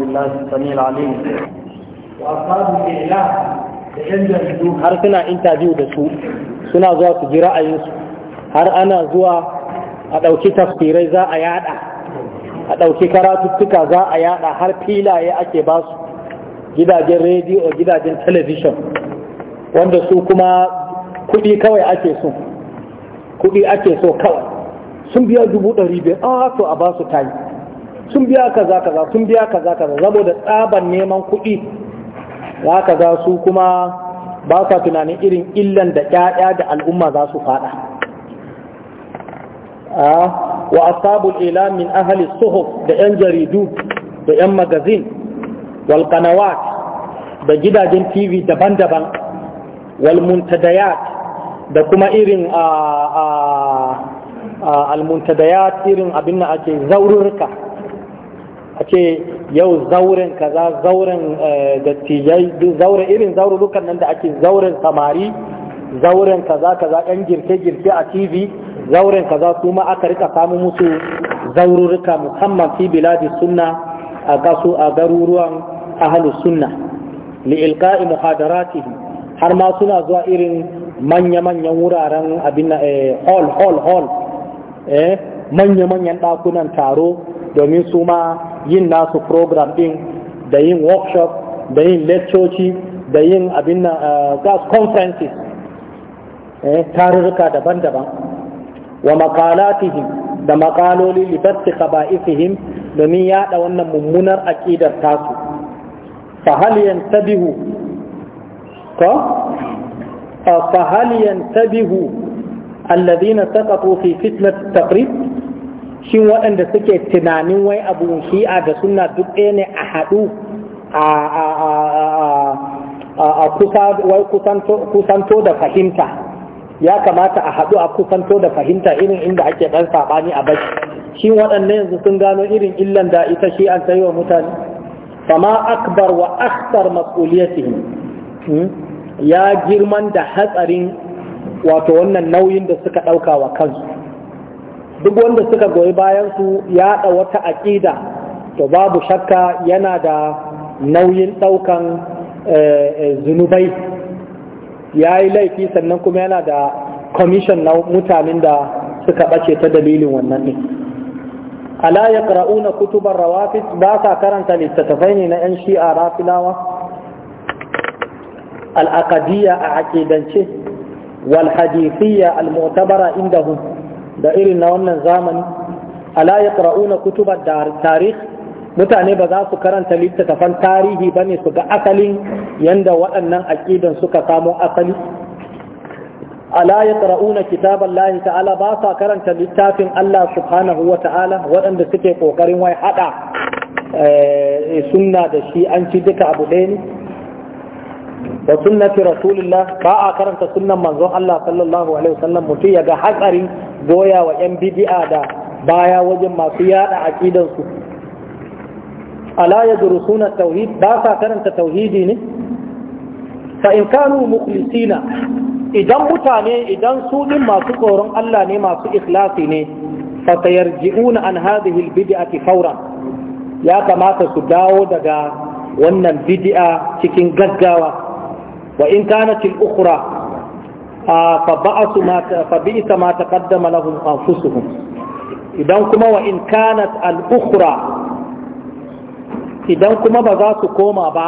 بالله السميع العليم وأصحاب الإعلام har suna interview da su suna zuwa su ji ra'ayinsu har ana zuwa a ɗauki tafsirai za a yada a ɗauki karatuttuka za a yada har filaye ake ba su gidajen rediyo gidajen talabishin wanda su kuma kuɗi kawai ake so kuɗi ake so kawai sun biya dubu ɗari biyu a to a ba su tayi sun biya kaza kaza sun biya kaza kaza saboda tsaban neman kuɗi za ka za su kuma ba sa tunanin irin illan da ƴaƴa da al'umma za su faɗa wa ashabul ila min ahli suhuf da yan jaridu da yan magazin wal qanawat da gidajen TV daban-daban wal muntadayat da kuma irin a al irin abin da ake zaururka a ce yau zauren kaza zauren eh, dattijai zauren irin dukkan nan da ake zauren samari zauren kaza kaza ɗan girke-girke a tv zauren kaza kuma aka rika samun musu zaururuka musamman fi biladi sunna a gasu a garuruwan ahalus sunna liilka'i muhadarati, har ma suna zuwa irin manya-manyan wuraren abin eh, hall hall hall eh, manya-manyan ɗakunan taro domin su ma yin nasu program din da yin workshop da yin lectoci da yin abin na gas eh, conferences eh, tarurruka daban-daban wa makalatihim da makaloli libatti qaba'ifihim domin yada wannan mummunar aƙidar tasu fa hal yantabihu ko fa hal yantabihu alladhina saqatu fi fitnat taqrib shin waɗanda suke tunanin wai abu shi'a da suna duk ɗaya ne a haɗu a kusanto da fahimta ya kamata a haɗu a kusanto da fahimta irin inda ake ɗan saɓani a bashi shin waɗanda yanzu sun gano irin illan da ita shi an sayi wa mutane fama akbar wa akhtar mas'uliyatihim hmm? ya girman da hatsarin wato wannan nauyin da suka ɗauka wa kansu duk wanda suka goyi bayansu su da wata aƙida to babu shakka yana da nauyin ɗaukan eh, eh, zunubai ya yi laifi sannan kuma yana da commission na mutanen da suka ɓace ta dalilin wannan ne. ala ya kutubar rawafis ba sa karanta littattafai ne na 'yan shi'a rafilawa wal hadithiyya al-mu'tabara indahum da irin na wannan zamani ala ya kutubar da tarih mutane ba za su karanta littattafan tarihi ba ne su ga asalin yadda waɗannan aƙidan suka samo asali ala yaqra'una kitabar lahi ta'ala ba sa karanta littafin Allah subhanahu wa ta'ala waɗanda suke ƙoƙarin wai haɗa eh, sunna da shi an ci duka abu ɗaya ne wa sunnati rasulillah ba a karanta sunnan manzon Allah sallallahu alaihi wasallam mutum ya ga hatsarin goya wa yan bid'a da baya wajen masu yada aqidan su ala yadrusuna tauhid ba sa karanta tauhidi ne fa in kanu mukhlisina idan mutane idan su din masu tsoron Allah ne masu ikhlasi ne fa sayarji'una an hadhihi albid'ati fawran ya kamata su dawo daga wannan bid'a cikin gaggawa wa in kanat al-ukhra fa ba'su ma fa bi'sa ma taqaddama lahum anfusuhum idan kuma wa in kanat al idan kuma ba za su koma ba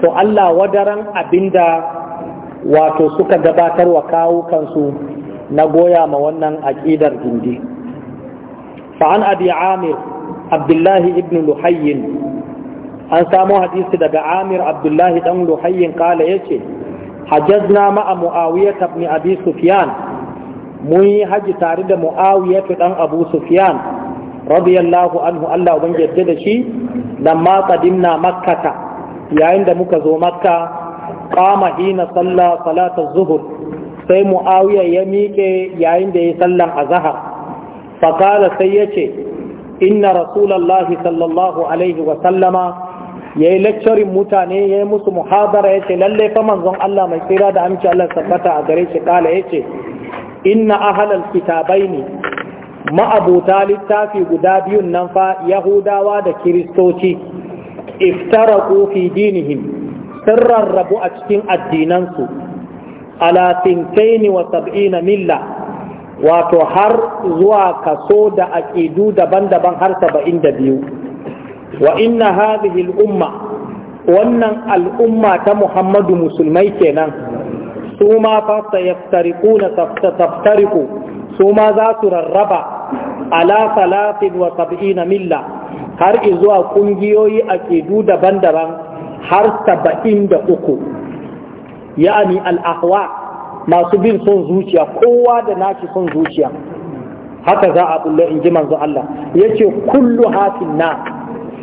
to Allah wadaran abinda wato suka gabatar wa kawo na goya ma wannan aqidar gindi fa an abi amir abdullahi ibn luhayyin an samo hadisi daga amir abdullahi dan luhayyin kala ya ce hajjazna ma'a mu'awiyat ibn abi sufyan mun yi haji tare da mu'awiyat dan abu sufyan radiyallahu anhu Allah uban yadda da shi ma qadimna makkata yayin da muka zo makka qama hina salla salata zuhur sai mu'awiya ya miƙe yayin da ya sallan azhar fa qala sai yace inna rasulallahi sallallahu alaihi wa sallama ya yi lecturing mutane ya yi musu muhabara, ya ce lallai fa manzon Allah mai tsira da amince Allah sabbata a gare shi kala ya ce inna ahalal kitabai ne ma'abuta littafi guda biyun nan fa yahudawa da kiristoci iftaraku fi dinihim sun rarrabu a cikin addinansu ala tintaini wa sab'ina milla wato har zuwa kaso da aƙidu daban-daban har saba'in da biyu wa inna hadhihi umma wannan al'umma ta Muhammadu musulmai kenan su ma fa sayaftariquna taftariqu su ma za su rarraba ala salatin wa sab'ina milla har zuwa kungiyoyi aqidu daban-daban har saba'in da uku ya'ani al-ahwa masu bin son zuciya kowa da nashi son zuciya haka za a bulle in ji manzo Allah yace kullu hafin na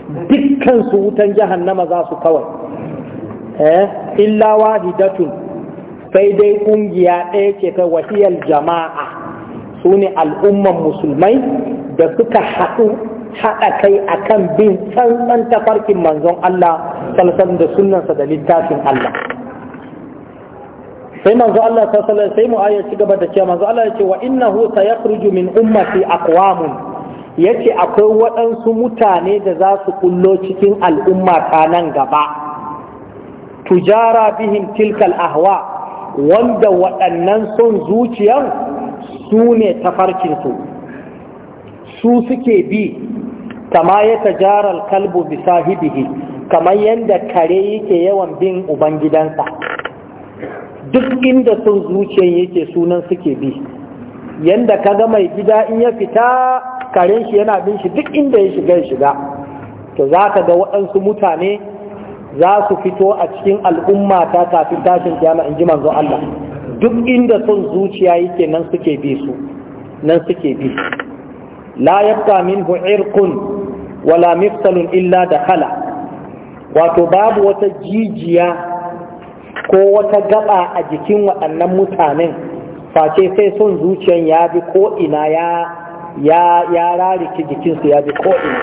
dukkan su wutan jahannama za su kawai eh illa wahidatun sai dai kungiya ɗaya ce ta wahiyar jama'a su ne al'umman musulmai da suka haɗu haɗa kai akan bin tsantsan tafarkin manzon Allah salsan da sunansa da littafin Allah sai manzo Allah sallallahu sai mu aya ci gaba da cewa manzo Allah ya ce wa innahu sayakhruju min ummati aqwamun ya ce akwai waɗansu mutane da za su kullo cikin al'umma ta nan gaba tujara bihin tilkal ahwa wanda waɗannan son zuciyar su ne tafarkinsu su suke bi kama ya tajarar kalbu bisa hibihi kamar yadda kare yake yawan bin ubangidansa duk inda son zuciyar yake sunan suke bi yadda ga mai gida in ya fita karen shi yana bin shi duk inda ya shiga ya shiga to za ka ga waɗansu mutane za su fito a cikin al'umma ta kafin tashin kiyama in ji manzo Allah duk inda son zuciya yake nan suke bi su nan suke bi la yabqa minhu irqun wala miftalun illa dakhala wato babu wata jijiya ko wata gaba a jikin waɗannan mutanen face sai son zuciyan ya bi ko ina ya ya ya jikinsu ya bi ko'ina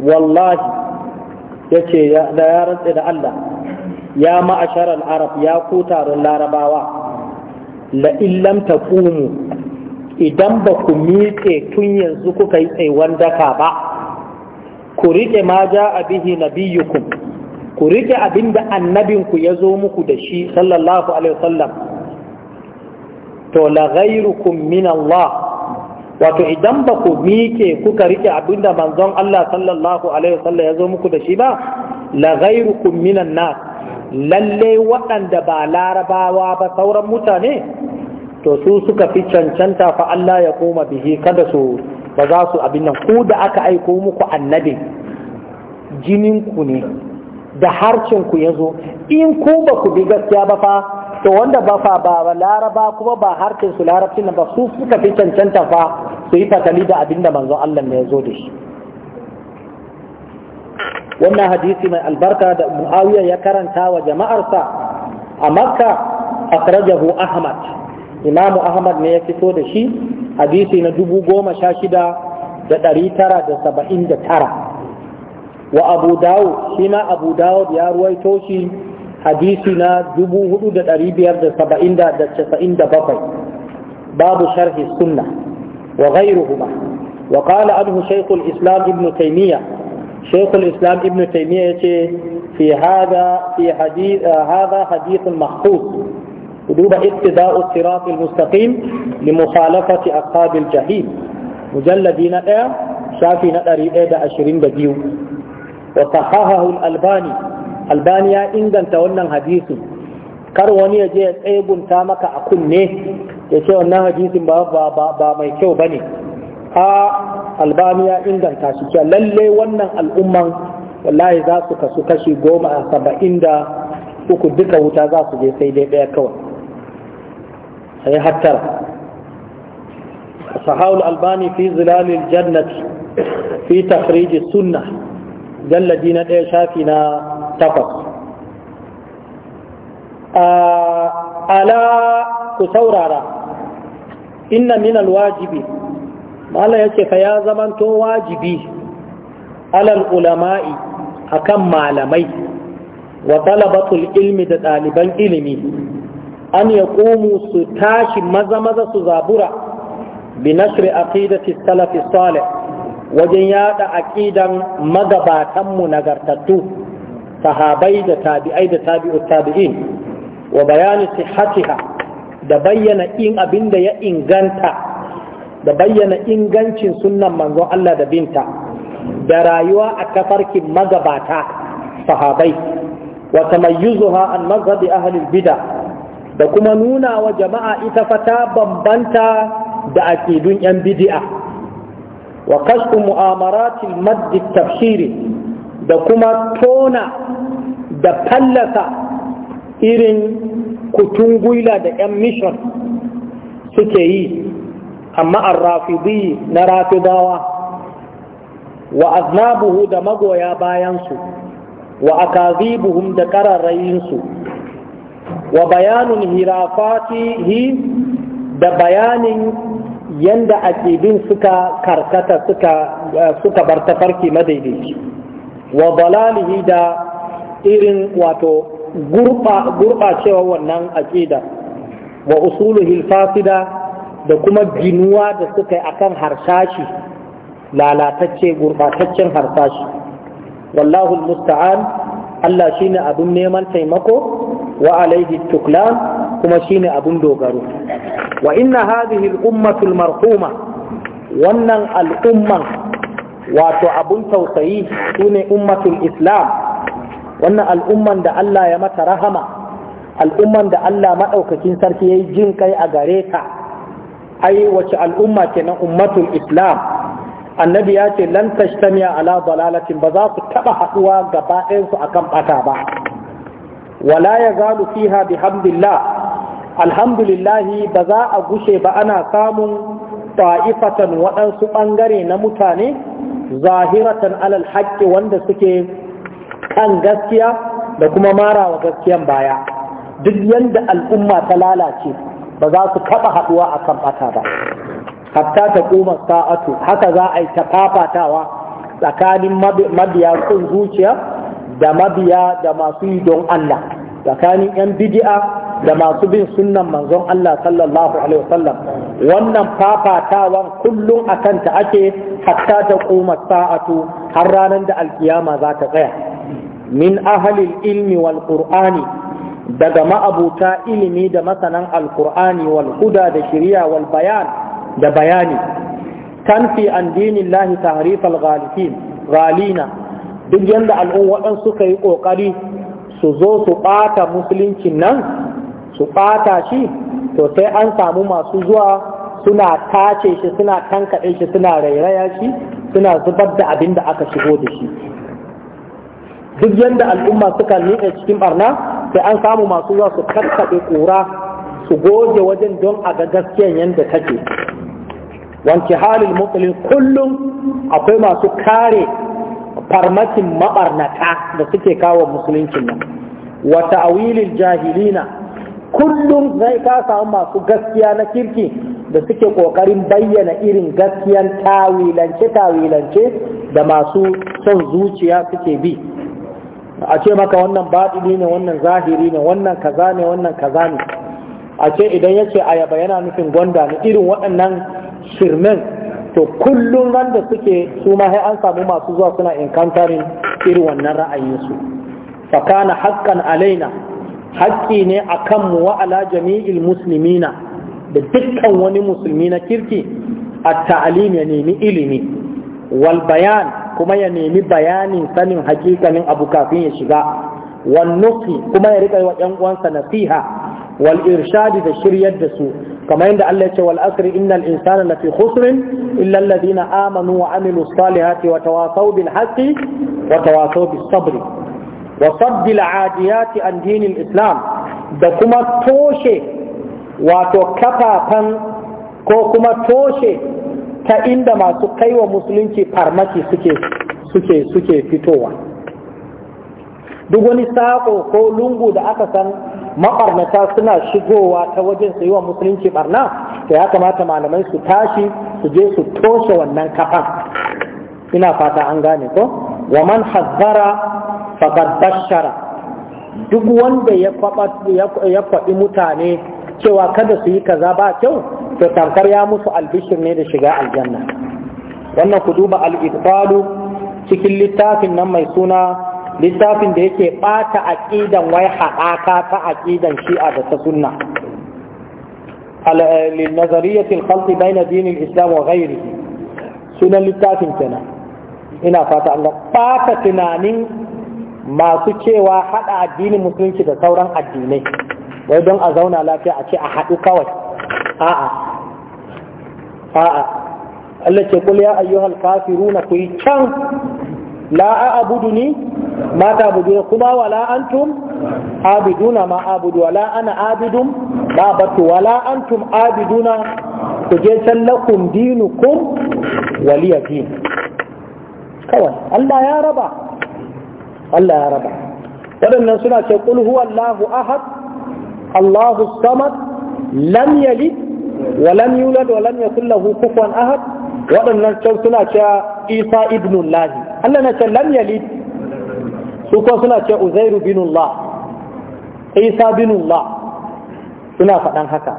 wallahi ya ce da ya rantse da Allah ya ma'ashar al'arab ya ku taron larabawa la illam taqumu idan ba ku miƙe tun yanzu kuka yi tsaiwan daka ba ku riƙe ma ja a bihi nabiyukum ku riƙe abinda annabinku ya zo muku da shi sallallahu alaihi wasallam to la ghairukum min Allah wato idan ba ku mike kuka rike abinda manzon Allah sallallahu alaihi wasallam ya zo muku da shi ba la ghairukum minan nas lalle waɗanda ba larabawa ba sauran mutane to su suka fi cancanta fa Allah ya koma bihi kada su ba za su abin nan ku da aka aiko muku annabi jinin ku ne da harcin ku yazo in ku ba ku bi gaskiya ba fa to wanda ba fa ba laraba kuma ba harkin su larabci nan ba su suka fi cancanta fa su yi fatali da abinda manzon Allah ne ya zo da shi wannan hadisi mai albarka da Muawiya ya karanta wa jama'arsa a Makka akrajahu Ahmad Imam Ahmad ne ya fito da shi hadisi na dubu goma sha shida da ɗari tara da saba'in da tara wa Abu Dawud shi ma Abu Dawud ya ruwaito shi حديثنا دبو هدود الأريبية دا سبعين دا دا تسعين دا بطل باب شرح السنة وغيرهما وقال عنه شيخ الإسلام ابن تيمية شيخ الإسلام ابن تيمية في هذا في حديث آه، هذا حديث محفوظ وجوب اقتداء الصراط المستقيم لمخالفة أصحاب الجحيم مجلدين آه، شافينا نقري إيدا عشرين بديو وصححه الألباني albani ya inganta wannan hadisin kar wani ya je ya tsegunta maka a kunne ya ce wannan hadisin ba ba mai kyau ba ne, a albani ya inganta shi cewa lalle wannan al'umman wallahi za su kasu kashi goma a saba'in da uku duka wuta za su je sai dai ɗaya kawai sai hattar hattara sahawul albani fi zilalil jannati fi takhrij sunna jalladi na ɗaya shafi na takwas ala ku saurara inna min alwajibi Allah ya ce fa ya zamanto wajibi alal ulama'i akan malamai wa talabatul ilmi da ɗaliban ilimi an ya ƙomu su tashi maza-maza su zabura bi nashri aqidati salafi salih wajen yada aqidan magabatanmu nagartattu sahabai da tabi'ai da tabi'ut tabi'in wa bayani sihhatiha da bayyana in abinda ya inganta da bayyana ingancin sunnan manzon Allah da binta da rayuwa a tafarkin magabata sahabai wa tamayyuzuha an mazhabi ahli bid'a da kuma nuna wa jama'a ita fata bambanta da aqidun yan bid'a wa kashfu mu'amaratil madd tafsiri da kuma tona da fallasa irin kutun gwila da 'yan mishon suke yi amma an rafidi na rafidawa wa aznabuhu da magoya bayansu wa akazibuhum da kararrayinsu wa hira hirafatihi da bayanin yanda aƙidin suka karkata suka bar tafarki madaidaici wa dalalihi da irin wato gurɓacewa wannan aƙida wa usuluhi fasida da kuma ginuwa da suka yi akan harsashi lalatacce gurɓataccen harsashi wallahu musta'an Allah shine abin neman taimako wa alaihi tuklan kuma shine abin dogaro wa inna hadhihi al-ummatu marhuma wannan al'umman wato abun tausayi su ne ummatul islam wannan al'umman da Allah ya mata rahama al'umman da Allah maɗaukakin sarki ya yi jin kai a gare ta ai wace al'umma kenan ummatul islam annabi ya ce lan tashtamiya ala dalalatin ba za su taɓa haɗuwa gaba ɗayansu akan ɓata ba wala ya zalu fiha bihamdillah alhamdulillahi ba za a gushe ba ana samun ta'ifatan waɗansu ɓangare na mutane zahiratan alal haƙƙi wanda suke kan gaskiya da kuma marawa gaskiyan baya duk yadda al'umma ta lalace ba za su taɓa haɗuwa a kan ɓata ba hatta ta kuma sa'atu haka za a yi ta fafatawa tsakanin mabiya sun zuciya da mabiya da masu yi don Allah tsakanin 'yan bidi'a da masu bin sunnan manzon Allah sallallahu alaihi wasallam wannan fafatawan kullum akan ta ake hatta ta kuma sa'atu har ranar da alkiyama za ta tsaya min ahalil ilmi wal qur'ani daga ma'abuta ilimi da masanan alqur'ani wal huda da shari'a wal bayan da bayani tanfi an dinillahi tahrif al ghalina duk yanda al'umma suka yi kokari su zo su ɓata musuluncin nan su ɓata shi to sai an samu masu zuwa suna tace shi suna tankaɗe shi suna rairaya shi suna zubar da abin da aka shigo da shi duk yadda al'umma suka niƙa cikin barna sai an samu masu zuwa su kakkaɓe ƙura su goge wajen don a ga gaskiyan yadda take wanke halin mutsalin kullum akwai masu kare farmakin maɓarnata da suke kawo musuluncin nan wata awilin jahilina kullum zai ka samu masu gaskiya na kirki da suke ƙoƙarin bayyana irin gaskiyan tawilance-tawilance da masu son zuciya suke bi a ce maka wannan baɗini ne wannan zahiri ne wannan kaza ne wannan kaza ne a ce idan ya ce ayaba yana nufin gwanda ne irin waɗannan shirmen to kullum wanda da suke su ma an samu masu zuwa suna inkantarin irin wannan ra'ayinsu fakana haƙƙan alaina hakki ne a kanmu wa ala jami'il da dukkan wani musulmi na kirki a ta'alim ya nemi ilimi wal bayan kuma ya nemi bayanin sanin hakikanin abu kafin ya shiga wal nufi kuma ya riƙa wa ‘yan uwansa nasiha wal irshadi da shiryar da su kamar yadda Allah ya ce wal asri innal insana lafi khusrin illa alladhina amanu wa amilu salihati wa tawasaw bil haqqi wa tawasaw bis sabri wa saddil adiyati an dinin islam da kuma toshe wato kafafan ko kuma toshe ta inda masu kaiwa musulunci farmaki suke suke suke fitowa duk wani sako ko lungu da aka san mabarnata suna shigowa ta wajen su yi wa musulunci barna to ya kamata malamai su tashi su je su toshe wannan kafan ina fata an gane ko wa man hazzara faƙar bashara duk wanda ya kwaɗi mutane cewa kada su yi kaza ba kyau to tamkar ya musu albishir ne da shiga aljanna wannan ku duba al'itfalu cikin littafin nan mai suna littafin da yake ɓata aƙidan wai haɗaka ta aƙidan shi'a da ta sunna للنظرية الخلط بين دين الإسلام وغيره sunan littafin كنا ina fata الله ɓata tunanin. masu cewa haɗa addinin musulunci da sauran addinai wai don a zauna lafiya a ce a haɗu kawai a'a a'a Allah ce kul ya ayyuhal kafiruna ku yi can la a'budu ni ma ta'budu kuma wala antum abiduna ma abudu wala ana abidum ba batu wala antum abiduna ku je can lakum dinukum waliya kawai Allah ya raba Allah ya raba waɗannan suna ce qul Allahu ahad Allahu samad lam yalid wa lam yulad wa lam yakul lahu kufuwan ahad waɗannan can suna ce Isa ibn Allah Allah na ce lam yalid su ko suna ce Uzairu bin Allah Isa bin Allah suna faɗan haka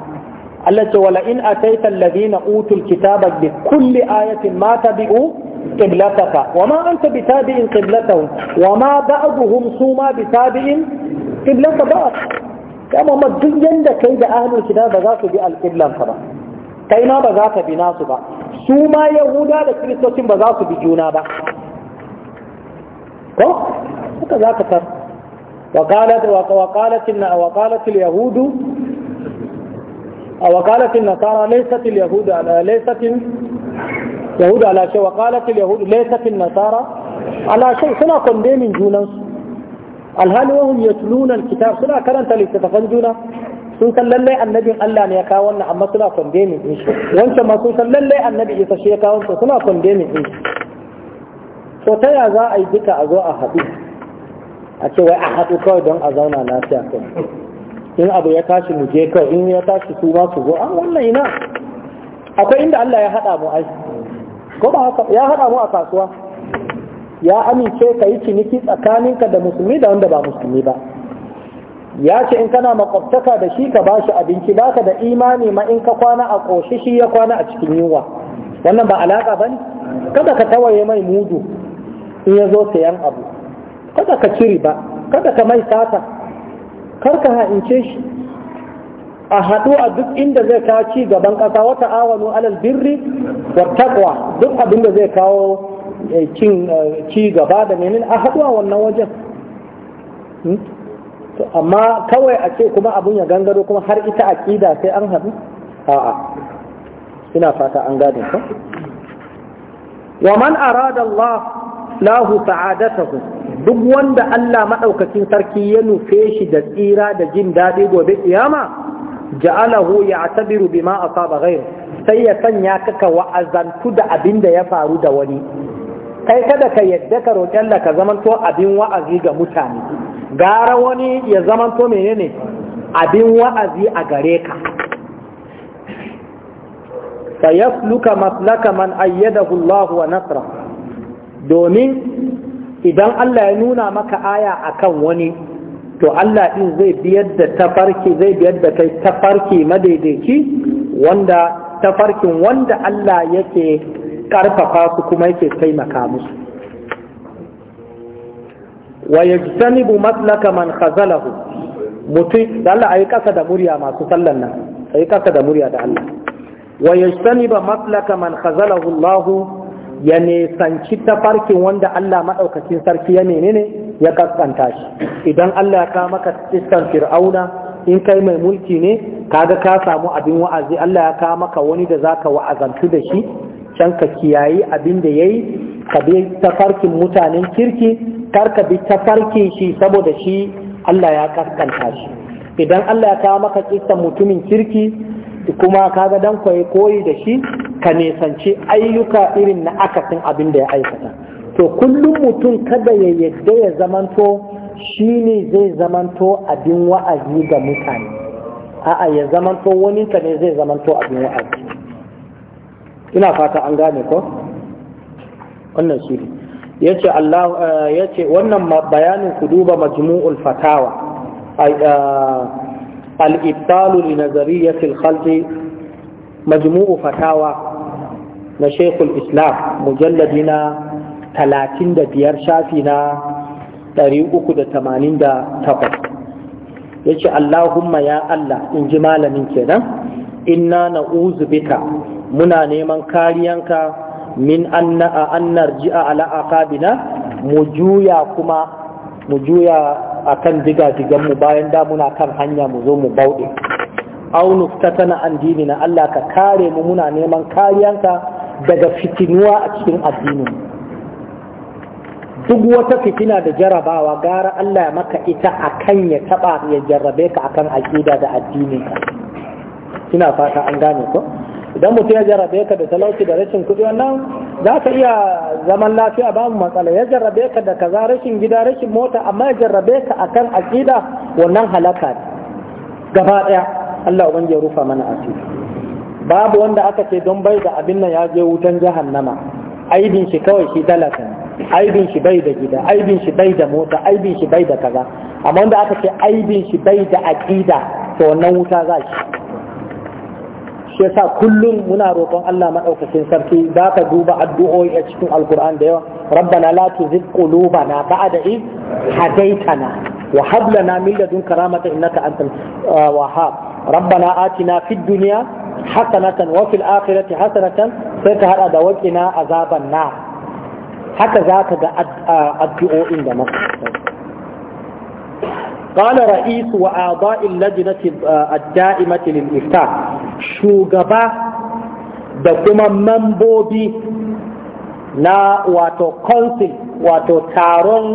Allah ce wala in ataita alladhina utul kitaba bi kulli ayatin ma tabi'u قبلتك وما أنت بتابع قبلتهم وما بعضهم سوما بتابع قبلتك بعض كما مجيّن ده كيد أهل الكتاب ذاته بالقبلة فبا كيما بذات بناس با سوما يهودا ده كريستوسين بذاته بجونا با كو؟ كذاك تر وقالت وقالت وقالت اليهود وقالت النصارى ليست اليهود ليست yahudu ala shay wa qalat al yahud nasara ala shay suna condemning junan su alhali wa hum yatluna al suna karanta littattafan juna sun san lallai annabi Allah ne ya kawo wannan amma suna condemning din shi wancan ma sun san lallai annabi isa shi ya kawo suna condemning din shi to ta ya za a yi duka a zo a haɗu a ce wai a haɗu kawai don a zauna lafiya kai in abu ya tashi mu je kawai in ya tashi su ma su zo an ah, wannan ina akwai inda Allah ya haɗa mu aiki. ko ba haka ya haɗa mu a kasuwa ya amince ka yi ciniki tsakaninka da musulmi da wanda ba musulmi ba ya ce in kana makwabtaka da shi ka bashi abinci baka da imani ma in ka kwana a ƙoshi shi ya kwana a cikin yunwa wannan ba alaƙa ba ne kada ka tawaye mai mudu in ya zo sayan abu kada ka ciri ba kada ka mai sata kar ka ha'ince shi a haɗu a duk inda zai kawo ci gaban ƙasa wata awanu alal birri wa taqwa duk abin da zai kawo eh, eh, ci gaba da menin a haɗu a wannan wajen hmm? amma kawai a ce kuma abin ya gangaro kuma har ita aƙida sai an haɗu a'a ina fata an gane ko wa man arada Allah lahu sa'adatahu duk wanda Allah madaukakin sarki ya nufe shi da tsira da jin daɗi gobe kiyama ja'alahu ya'tabiru bima asaba ghayr sai ya sanya kaka wa'azantu da abin da ya faru da wani kai kada ka yadda ka roƙi Allah ka zamanto abin wa'azi ga mutane gara wani ya zamanto menene abin wa'azi a gare ka sayasluka maslaka man ayyadahu Allah wa nasra domin idan Allah ya nuna maka aya akan wani to Allah din zai biyar da tafarki zai biyar da kai tafarki madaidaici wanda tafarkin wanda Allah yake karfafa su kuma yake taimaka musu wa yajtanibu matlaka man khazalahu mutum da Allah ayi kasa da murya masu sallan nan ayi kasa da murya da Allah wa yajtaniba matlaka man khazalahu Allah ya nisanci tafarkin wanda Allah maɗaukacin sarki ya menene ya kaskanta shi idan Allah ya ka maka iskan fir'auna in kai mai mulki ne kaga ka samu abin wa'azi Allah ya ka maka wani da zaka wa'azantu da shi can ka kiyayi abin da yayi ka bi tafarkin mutanen kirki kar ka bi tafarkin shi saboda shi Allah ya kaskanta shi idan Allah ya ka maka kissan mutumin kirki kuma kaga dan kwaye koyi da shi ka nesance ayyuka irin na akasin abin da ya aikata to kullum mutum kada ya yadda ya zamanto shi ne zai zamanto abin wa'azi ga mutane a'a ya zamanto wani ka ne zai zamanto abin wa'azi ina fata an gane ko wannan shi ne yace Allah eh, yace wannan bayanin ku duba majmu'ul fatawa eh, al-ibtalu li nazariyatil khalqi majmu'u fatawa na shekul islam mujalladi na 35 shafi na 388 ya ce allahumma ya allah in ji malamin kenan inna na bita, muna neman kariyanka min anna a annar ji'a ala aqabina mu juya kuma mu juya a kan diga-diganmu bayan da muna kan hanya mu zo mu bauɗe aunu ta tana an na Allah ka kare mu muna neman kariyanka daga fitinuwa a cikin addinin duk wata fitina da jarabawa gara Allah ya maka ita akan ya taɓa ya jarrabe ka akan aƙida da addininka ina fata an gane ko idan mutum ya jarrabe ka da talauci da rashin kuɗi wannan za ka iya zaman lafiya babu matsala ya jarrabe ka da kaza rashin gida rashin mota amma ya jarrabe ka akan aƙida wannan halaka ne gaba ɗaya Allah ubangi ya rufa mana asiri babu wanda aka ce don bai da abin nan ya je wutan jahannama aibin shi kawai shi talaka ne aibin shi bai da gida aibin shi bai da mota aibin shi bai da kaza amma wanda aka ce aibin shi bai da aƙida to wannan wuta za shi shi yasa kullum muna roƙon Allah madaukakin sarki za ka duba addu'o'i a cikin alkur'an da yawa rabbana la tuzigh qulubana ba'da id hadaitana wa hab lana min ladunka rahmatan innaka antal uh, wahhab rabbana atina fid dunya hasanatan wa fil akhirati hasanatan sai ka hada da waqina azaban na. haka za ka ga uh, addu'o'in da muka قال رئيس وأعضاء اللجنة الدائمة للإفتاء shugaba da kuma mambobi na wato council wato taron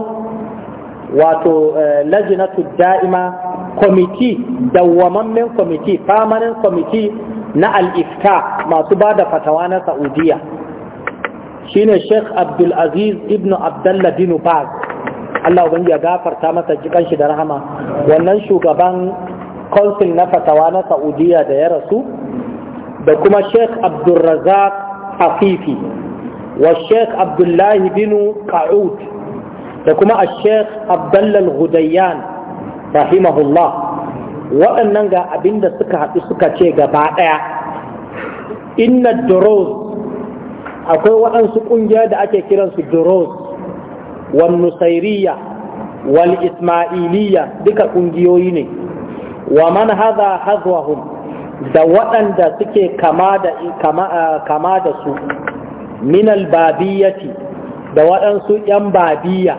wato eh, lajinatu da'ima kwamiti dawwamammen kwamiti permanent kwamiti na al'ifta masu ba da fatawa na saudiya ne sheikh abdulaziz ibn abdullah bin baz Allah ubangi ya gafarta masa jikan shi da rahama wannan shugaban konsul na fatawa na saudiya da ya rasu da kuma sheikh abdulrazak hafifi wa sheikh abdullahi binu ka'ud da kuma a sheikh Abdullal hudayyan rahimahullah waɗannan ga abinda suka haɗu suka ce gaba ɗaya inna duros akwai waɗansu ƙungiya da ake kiransu duros wal nusairiya wal ismailiya duka ƙungiyoyi ne wa man hadha hazwahum da waɗanda suke kama da kama da su min albabiyati da waɗansu ‘yan babiya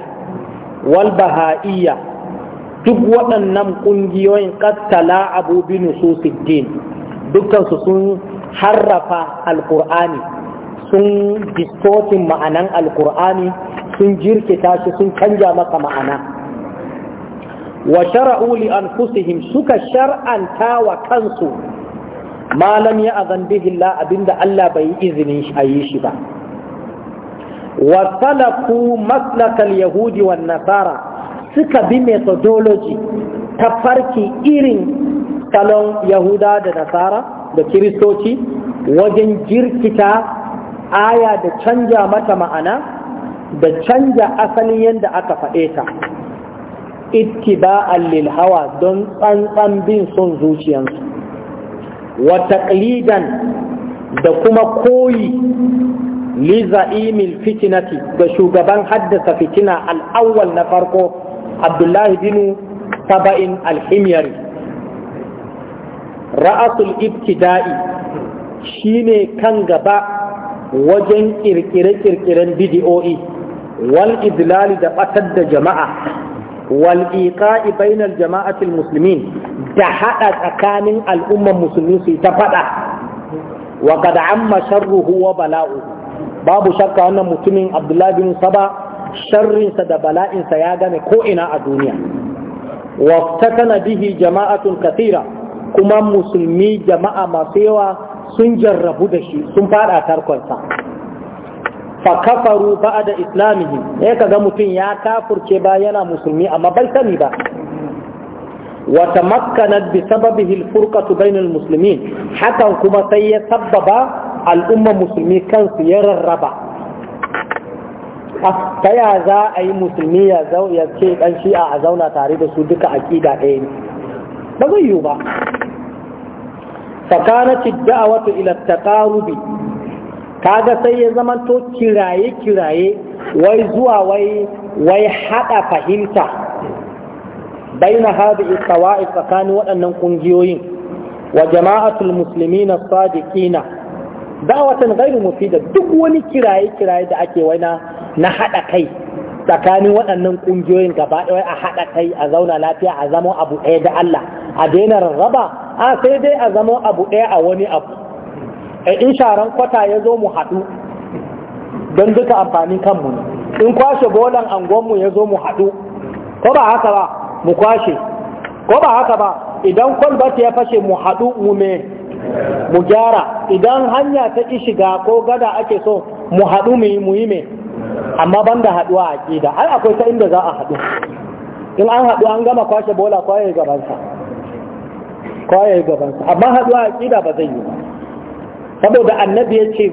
wal baha'iyya duk waɗannan ƙungiyoyin ƙattala abu bi nususiddin dukkansu sun harrafa alƙur'ani sun distotin ma'anan alƙur'ani sun jirkita shi sun canja masa ma'ana wa shara'u li anfusihim suka shar'anta wa kansu malam ya azan bihi Allah abinda Allah bai yi izinin shi ayi shi ba wa salaku maslakal yahudi wan nasara suka bi methodology ta farki irin salon yahuda da nasara da kiristoci wajen jirkita aya da canja mata ma'ana da canja asalin yadda aka faɗe ta ittiba'an lil hawa don tsantsan bin son zuciyansu wa taqlidan da kuma koyi li za'imil fitinati da shugaban haddasa fitina al-awwal na farko Abdullahi bin Saba'in al-Himyari ra'asul ibtida'i shine kan gaba wajen kirkire-kirkiren bidiyo'i wal idlali da batar da jama'a wal iqa'i bainal jama'atil muslimin da haɗa tsakanin al'ummar musulmi su ta faɗa. wa qad amma sharruhu wa bala'u babu shakka wannan mutumin Abdullahi bin Saba sharrinsa da bala'insa ya game ko ina a duniya waftakana bihi jama'atun kathira kuma musulmi jama'a masu yawa sun jarrabu da shi sun fada tarkonsa fa kafaru ba'da islamihim sai ga mutum ya kafurce ba yana musulmi amma bai sani ba wa tamakkanat bi sababihi al-furqatu bainal hakan kuma sai ya sabbaba al'umma musulmi kansu ya rarraba ah, ta ya za a yi musulmi ya ce ɗan shi'a a zauna tare da su duka aƙida ɗaya ne ba zai yiwu ba fakanati da'awatu ila taqarubi kaga sai ya zama to kiraye kiraye wai zuwa wai wai hada fahimta baina hadi tawa'i tsakanin waɗannan ƙungiyoyin wa jama'atul muslimina watan da'watan ghairu mufida duk wani kiraye kiraye da ake wai na haɗa kai tsakanin waɗannan ƙungiyoyin gaba ɗaya a haɗa kai a zauna lafiya a zama abu ɗaya da Allah a daina rarraba a sai dai a zama abu ɗaya a wani abu Eh, in sharan kwata ya zo mu haɗu don duka amfanin kanmu ne in kwashe bolan angonmu ya zo mu haɗu ko ba haka ba mu kwashe ko ba haka ba idan kwalbati ya fashe mu haɗu mu me mu gyara idan hanya ta shiga ko gada ake so mu haɗu mu yi mu yi me amma ban da haɗuwa a ƙida ai akwai ta inda za a haɗu in an haɗu an gama kwashe bola kwaye gabansa kwaye gabansa amma haɗuwa a ƙida ba zai yi ba saboda annabi ya ce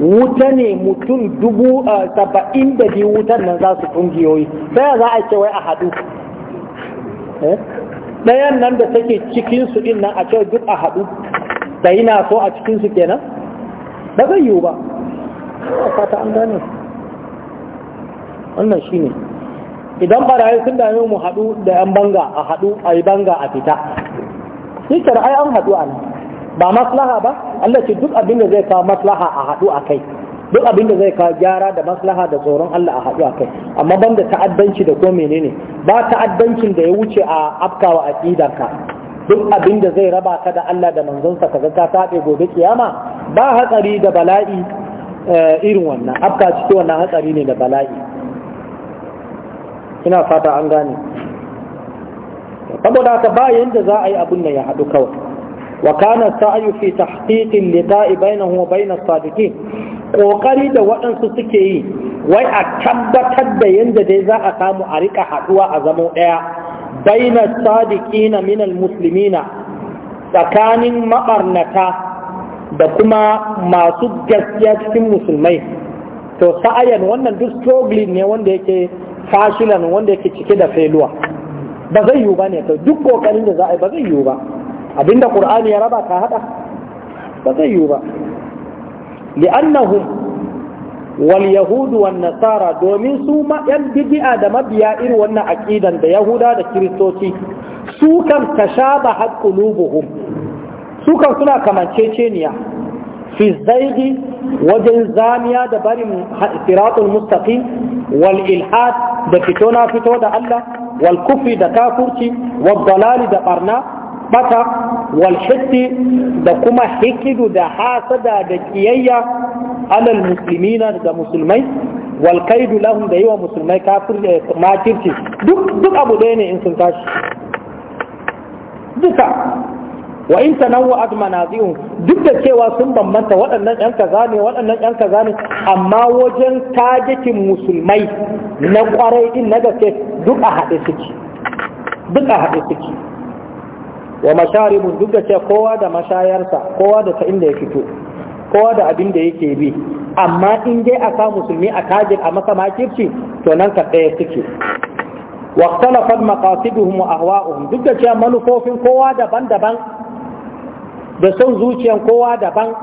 wuta ne mutum dubu saba'in da biyu wutan nan za su kungiyoyi sai za a ce wai a haɗu eh? ɗayan nan da take cikinsu din nan a ce duk a haɗu da yana so a cikinsu kenan ba zai yiwu ba a fata an gane wannan shi ne idan barayi sun dame mu haɗu da yan banga a haɗu a yi banga a fita shi ai an haɗu a nan ba maslaha ba Allah ce duk abin da zai kawo maslaha a haɗu a kai duk abin da zai kawo gyara da maslaha da tsoron Allah a haɗu a kai amma banda ta'addanci da ko menene ba ta'addancin da ya wuce a afkawa a ƙidanka, duk abin da zai raba ka da Allah da manzonsa kaza ka tabe gobe kiyama ba hatsari da bala'i eh, irin wannan afka cikin wannan hatsari ne da bala'i ina fata an gane saboda haka ba yanda za a yi abun nan ya haɗu kawai وكان السعي في تحقيق اللقاء بينه وبين الصادقين kokari da waɗansu suke yi wai a tabbatar da yadda dai za a samu a rika haɗuwa a zamo ɗaya baina sadiqina minal muslimina tsakanin maɓarnata da kuma masu gaskiya cikin musulmai to sa'ayan wannan duk struggling ne wanda yake fashilan wanda yake cike da failure ba zai yiwu ba ne duk kokarin da za a yi ba zai yiwu ba abinda qur'ani ya raba ka haɗa, ba zai yiwu ba li'annahum wal yahudu wan nasara domin su ma yan bid'a da mabiya irin wannan aqidan da yahuda da kiristoci su kan tashabaha qulubuhum su kan suna kamanceceniya fi zaidi wajen zamiya da barin siratul mustaqim wal ilhad da fito na fito da Allah wal kufri da kafurci wal dalali da barna bata wal da kuma hikidu da hasada da kiyayya alal muslimina da musulmai wal kaidu lahum da yiwa musulmai kafir eh, makirci duk duk abu ɗaya ne in sun tashi duka wa in tanawwa'at manazi'un duk da cewa sun bambanta waɗannan ƴan kaza ne waɗannan ƴan kaza ne amma wajen tajikin musulmai na kwarai din na gaske duk a haɗe suke duk a haɗe suke wa masharibun duk da kowa da mashayarsa kowa da ta inda ya fito kowa da abin da yake bi amma in dai aka musulmi a tajir a masa makirci to nan ka tsaye suke wa ikhtalafat maqasiduhum wa ahwa'uhum duk da cewa manufofin kowa daban-daban da son zuciyan kowa daban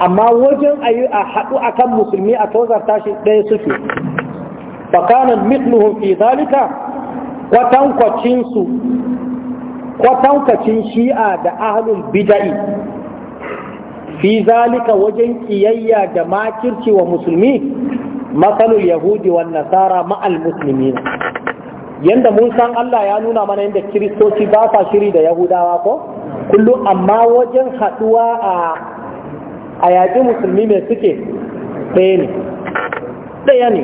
amma wajen ayi a haɗu akan musulmi a tozar tashi ɗaya suke fa kana mithluhum fi zalika kwatankwacin su kwatankacin shi'a da ahlul bida'i fi zalika wajen kiyayya da makirci wa musulmi matsalul yahudi wa nasara ma'al musulmi yanda mun san Allah ya nuna mana yadda kiristoci ba sa shiri da yahudawa ko kullum amma wajen haɗuwa a yaƙi musulmi mai suke ɗaya ne ɗaya ne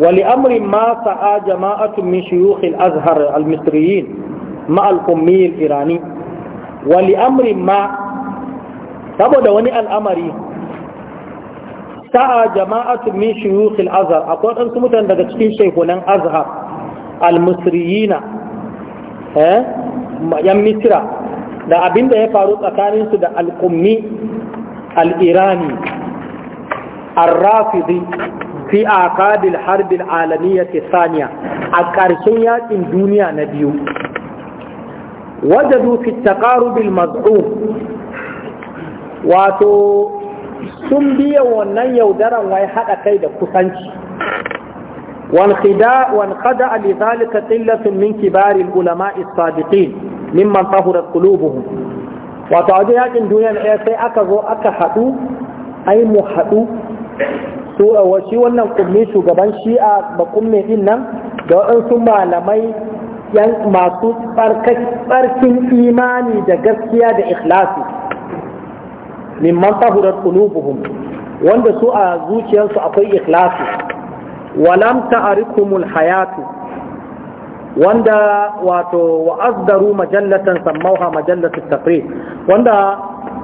wali amrin ma sa'a jama'atun min shuyukhil azhar al-misriyin مع الأمي الإيراني ولأمر ما saboda wani al'amari sa'a jama'atu min shuyukhil azhar akwai wadansu mutane daga cikin shekunan azhar al-misriyina eh, yan misra da abinda ya faru tsakaninsu da al-qummi al-irani ar-rafidi fi aqabil harb al a ƙarshen yakin duniya na biyu wajadu fi taqarubil maz'um wato sun biya wannan yaudaran wai haɗa kai da kusanci وانخدع لذلك قلة ulama كبار العلماء الصادقين ممن طهرت wato وتعدي yakin duniya na sai aka zo aka haɗu ai mu haɗu su a shi wannan kummi shugaban shi'a ba kumme din nan da waɗansu malamai yan masu tsarkin imani da gaskiya da ikhlasi mimman tahurar kulubuhum wanda su a zuciyarsu akwai ikhlasi walam ta'arikumul hayatu wanda wato wa azdaru majallatan sammauha majallatu taqrir wanda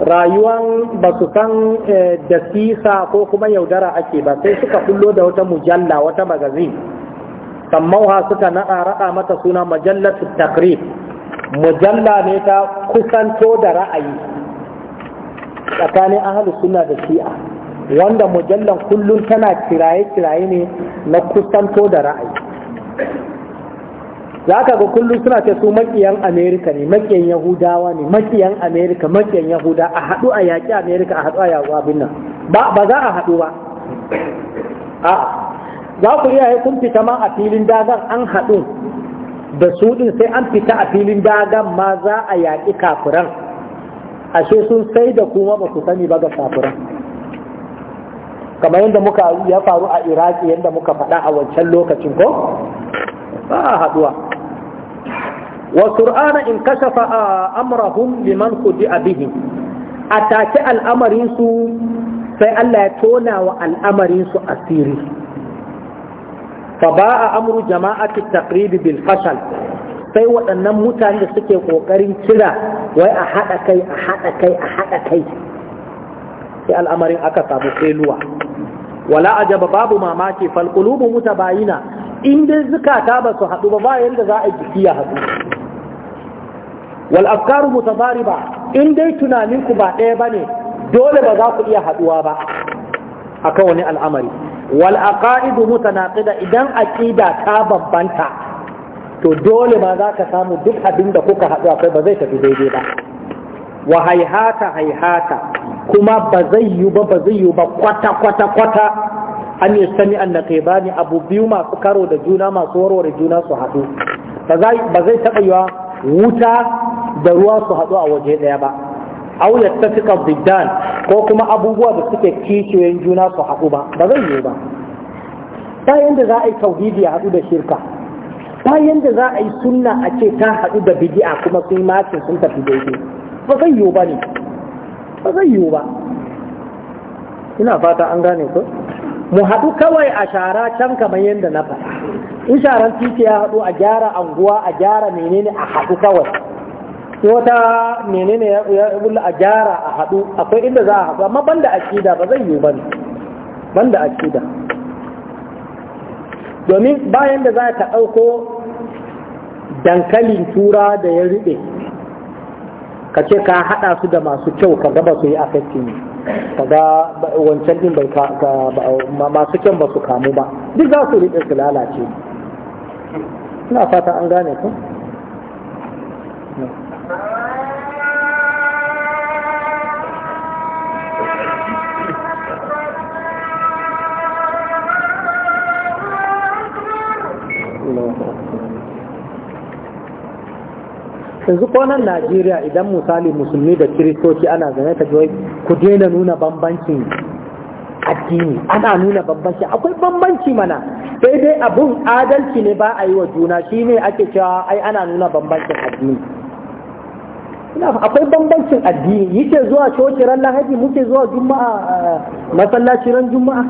rayuwan ba su san eh, da ko kuma yaudara ake ba sai suka kullo da wata mujalla wata magazin sammauha suka naɗa raɗa mata suna majallar takri mujalla ne ta kusanto da ra'ayi tsakanin ahalu suna da shi'a wanda mujallar kullum tana kiraye-kiraye ne na kusanto da ra'ayi za ka ga kullum suna ce su makiyan amerika ne makiyan yahudawa ne makiyan amerika makiyan yahuda a haɗu a yaƙi amerika a haɗu a yawon abin nan ba za a haɗu ba a'a za ku iya kun fita ma a filin dagan an haɗu da su ɗin sai an fita a filin dagan ma za a yaƙi kafiran ashe sun sai da kuma ba su sani ba ga kafiran kamar yadda muka ya faru a iraki yadda muka faɗa a wancan lokacin ko ba a haɗuwa Wa wasur'ana in kashafa amrahum liman ku bihi a take al'amarinsu sai Allah ya tona wa al'amarinsu asiri fa ba'a amru jama'ati taqrib bil fashal sai waɗannan mutane da suke ƙoƙarin kira wai a haɗa kai a haɗa kai a haɗa kai sai al'amarin aka samu feluwa wala ajaba babu mamaki fal qulubu mutabayina in dai zukata ba su haɗu ba ba yanda za a jiki ya haɗu wal afkaru mutabariba in dai tunanin ku ba ɗaya bane dole ba za ku iya haɗuwa ba akan wani al'amari wal aqaidu mutanaqida idan aqida ta babbanta to dole ma za ka samu duk abin da kuka haɗu akai ba zai tafi daidai ba wa haihata haihata kuma ba zai yi ba ba zai yi ba kwata kwata kwata an yi sani an naqibani abu biyu masu karo da juna masu warware juna su haɗu ba zai taɓa yiwa wuta da ruwa su haɗu a waje ɗaya ba au yattafiqa biddan ko kuma abubuwa da suke kishiyoyin juna su haɗu ba ba zai yi ba ta yadda za a yi tauhidi a haɗu da shirka ta yadda za a yi sunna a ce ta haɗu da bidi'a kuma sun yi makin sun tafi daidai ba zai yiwu ba ne ba zai yiwu ba ina fata an gane ko mu haɗu kawai a shara can kamar yadda na faɗa in sharan titi ya haɗu a gyara anguwa a gyara menene a haɗu kawai wata menene ya bulla a gyara a haɗu akwai inda za a haɗu amma banda akida ba zai yiwu bane banda akida domin bayan da za ta ɗauko dankalin tura da ya riɓe ka ce ka haɗa su da masu kyau ka gaba su yi a ka ga wancan ɗin bai masu kyan ba su kamu ba duk za su riɓe su lalace ina fata an gane ku yanzu ko nan najeriya idan misali musulmi da kiristoci ana zane ta ji ku daina nuna bambancin addini ana nuna bambanci akwai bambanci mana daidai dai abun adalci ne ba a yi wa juna shine ake cewa ai ana nuna bambancin addini akwai bambancin addini yake zuwa coci ran lahadi muke zuwa juma'a eh, masallaci ran juma'a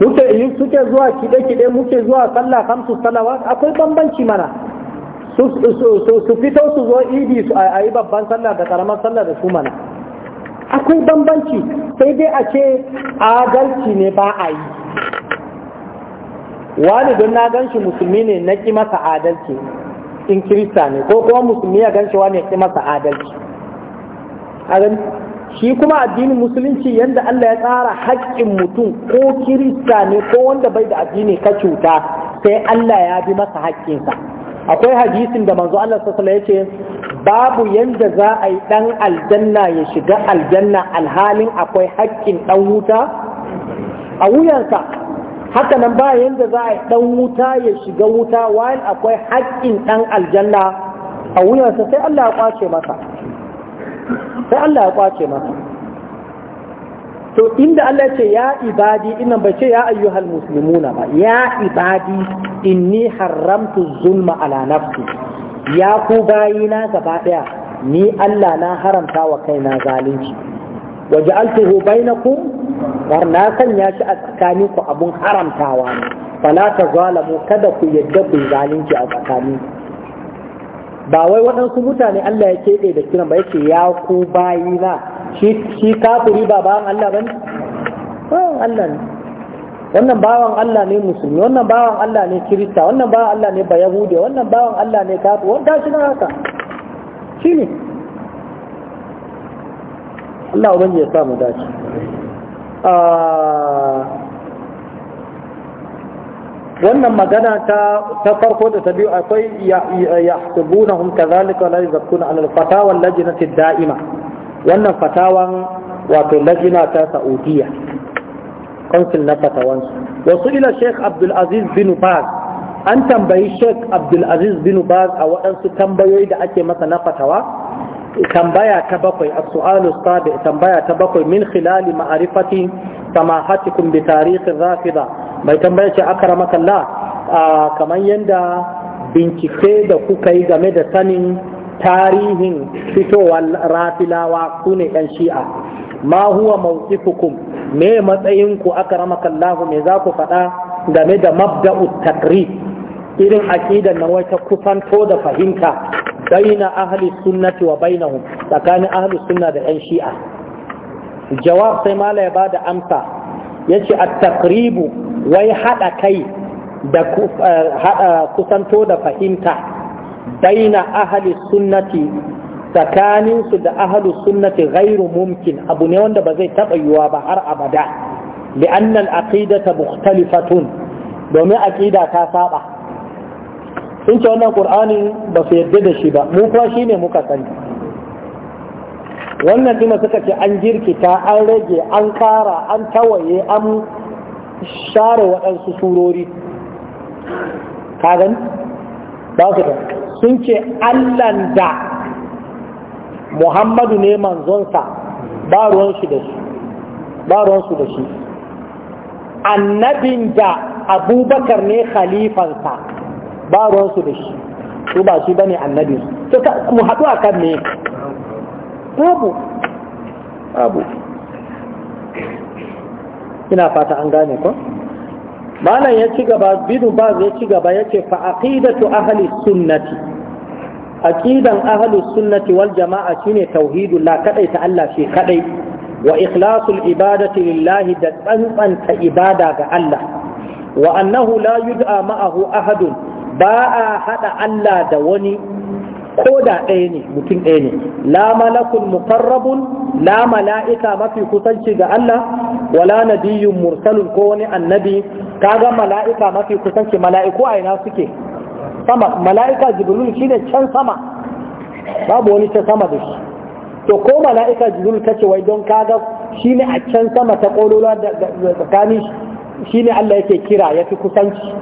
muke suke zuwa kide-kide muke zuwa sallah kamsu salawa akwai bambanci mana su fito su zo idi su a yi babban sallah da karamar sallah da su mana akwai bambanci sai dai a ce adalci ne ba a yi wani don na gan shi musulmi ne na ƙi masa adalci in kirista ne ko kuma musulmi ya gan cewa ne ya masa adalci shi kuma addinin musulunci yadda Allah ya tsara haƙƙin mutum ko kirista ne ko wanda bai da addini ka cuta sai Allah ya bi masa haƙƙinsa akwai hadisin da manzo Allah sassala ya ce babu yadda za a yi ɗan aljanna ya shiga aljanna alhalin akwai haƙƙin ɗan wuta a wuyansa haka nan ba yanda za a yi ɗan wuta ya shiga wuta wayan akwai haƙƙin ɗan aljanna a wuyansa sai Allah ya kwace masa sai Allah ya kwace masa to inda Allah ya ce ya ibadi innan bai ce ya ayyuhal muslimuna ba ya ibadi inni haramtu zulma ala nafsi ya ku bayina gaba daya ni Allah na haramta wa kaina zalunci wa ja'altuhu bainakum war na sanya shi a tsakanin ku abun haramtawa ne fala ta zalamu kada ku yadda ku zalunci a tsakanin ba wai waɗansu mutane Allah ya keɓe da kiran ba yake ya ku bayi na shi kafiri ba bawan Allah ba ne bawan Allah ne wannan bawan Allah ne musulmi wannan bawan Allah ne kirista wannan bawan Allah ne ba yahudiya wannan bawan Allah ne kafiri wanda shi na haka shi ne Allah ubangi ya dace wannan magana ta ta farko da ta biyu akwai yahsubunahum kadhalika la al-fatawa al-lajnati daima wannan fatawan wato lajina ta Saudiya council na fatawan wasu ila Sheikh Abdul Aziz bin Baz an tambayi Sheikh Abdul Aziz bin Baz a waɗansu tambayoyi da ake masa na fatawa tambaya ta bakwai a sualu sabi tambaya ta bakwai min khilali ma'rifati samahatikum bi tarihin rafida mai tambaya ce akramaka Allah kamar yadda bincike da kuka yi game da sanin tarihin fitowar rafilawa su ne yan shi'a ma huwa mawqifukum me matsayin ku akramaka Allah me za ku faɗa game da mabda'u takrib irin aqidan nan wai ta kusanto da fahimta baina ahli sunnati wa bainahum tsakanin ahli sunna da yan shi'a jawab sai mala ya bada amsa yace a taqribu wai hada kai da eh, kusanto da fahimta baina ahli sunnati tsakaninsu da ahli sunnati ghairu mumkin abu ne wanda ba zai taɓa yiwa ba har abada li'anna al-aqidata mukhtalifatun domin aqida ta saba sun ce wannan qur'ani ba su yadda da shi ba mu kuma shine muka sani wannan dina suka ce an girkita an rage an kara an tawaye an share waɗansu surori kagan ba su da sun ce allan da muhammadu ne manzonsa ba ruwansu da shi annabin da abubakar ne khalifansa ba ruwansu da shi su ba shi bane annabi to mu haɗu a kan ne babu babu ina fata an gane ko malam ya ci gaba binu ba ya ci gaba ya ce fa aqidatu ahli sunnati aqidan ahli sunnati wal jama'a shine tauhidu la kadai ta Allah shi kadai wa ikhlasul ibadati lillahi da tsantsanta ibada ga Allah wa annahu la yud'a ma'ahu ahadun ba a haɗa Allah da wani ko da ɗaya ne mutum ɗaya ne la malakun muqarrabun la mala'ika mafi kusanci ga Allah wala nabiyyun mursalun ko wani annabi kaga mala'ika mafi kusanci mala'iku a ina suke sama mala'ika jibril shine can sama babu wani can sama da shi to ko mala'ika jibril kace wai don kaga shine a can sama ta kololuwa da tsakanin shine Allah yake kira yafi kusanci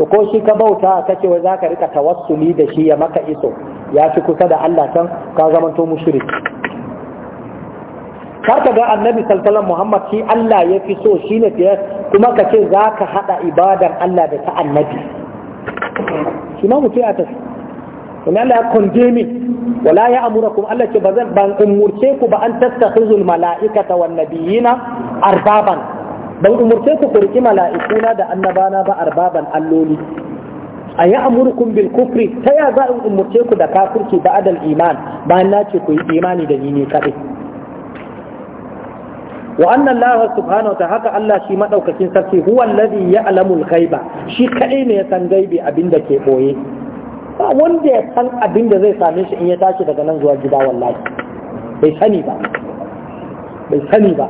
to ko shi ka bauta kace wai zaka rika tawassuli da shi ya maka iso ya fi kusa da Allah can ka zamanto mushrik karka ga annabi sallallahu Muhammad shi Allah ya fi so shine fiye kuma ka ce haɗa ibadar Allah da ta annabi shi ma mutu ya tafi kuma Allah ya kondemi wala ya amura Allah ce ban umurce ku ba an tattakhizul mala'ikata wan nabiyina arbaban ban umurce ku kurki mala'ikuna da annabana ba arbaban alloli a yi amurkun bil kufri ta ya za in umurce ku da kafirci ba adal iman bayan na ce ku yi imani da ni ne kaɗai wa annan laha subhanahu ta haka Allah shi maɗaukakin sarki huwan ladi ya'lamu al-ghaiba shi kaɗai ne ya san gaibi abinda ke ɓoye. ba wanda ya san abinda zai same shi in ya tashi daga nan zuwa gida wallahi bai sani ba bai sani ba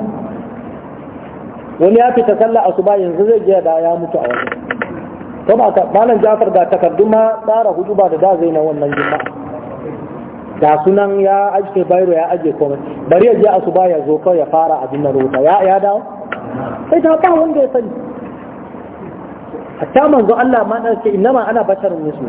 wani ya fita sallah asuba yanzu zai je da ya mutu a wajen to ba ka malam Jafar ga takardu ma tsara hujuba da da zai na wannan juma'a da sunan ya ajiye bayro ya ajiye komai bari ya je asuba ya zo kawai ya fara abin nan rota ya ya dawo sai ta ba wanda ya sani hatta manzo Allah ma dan ce inna ma ana basharun mislu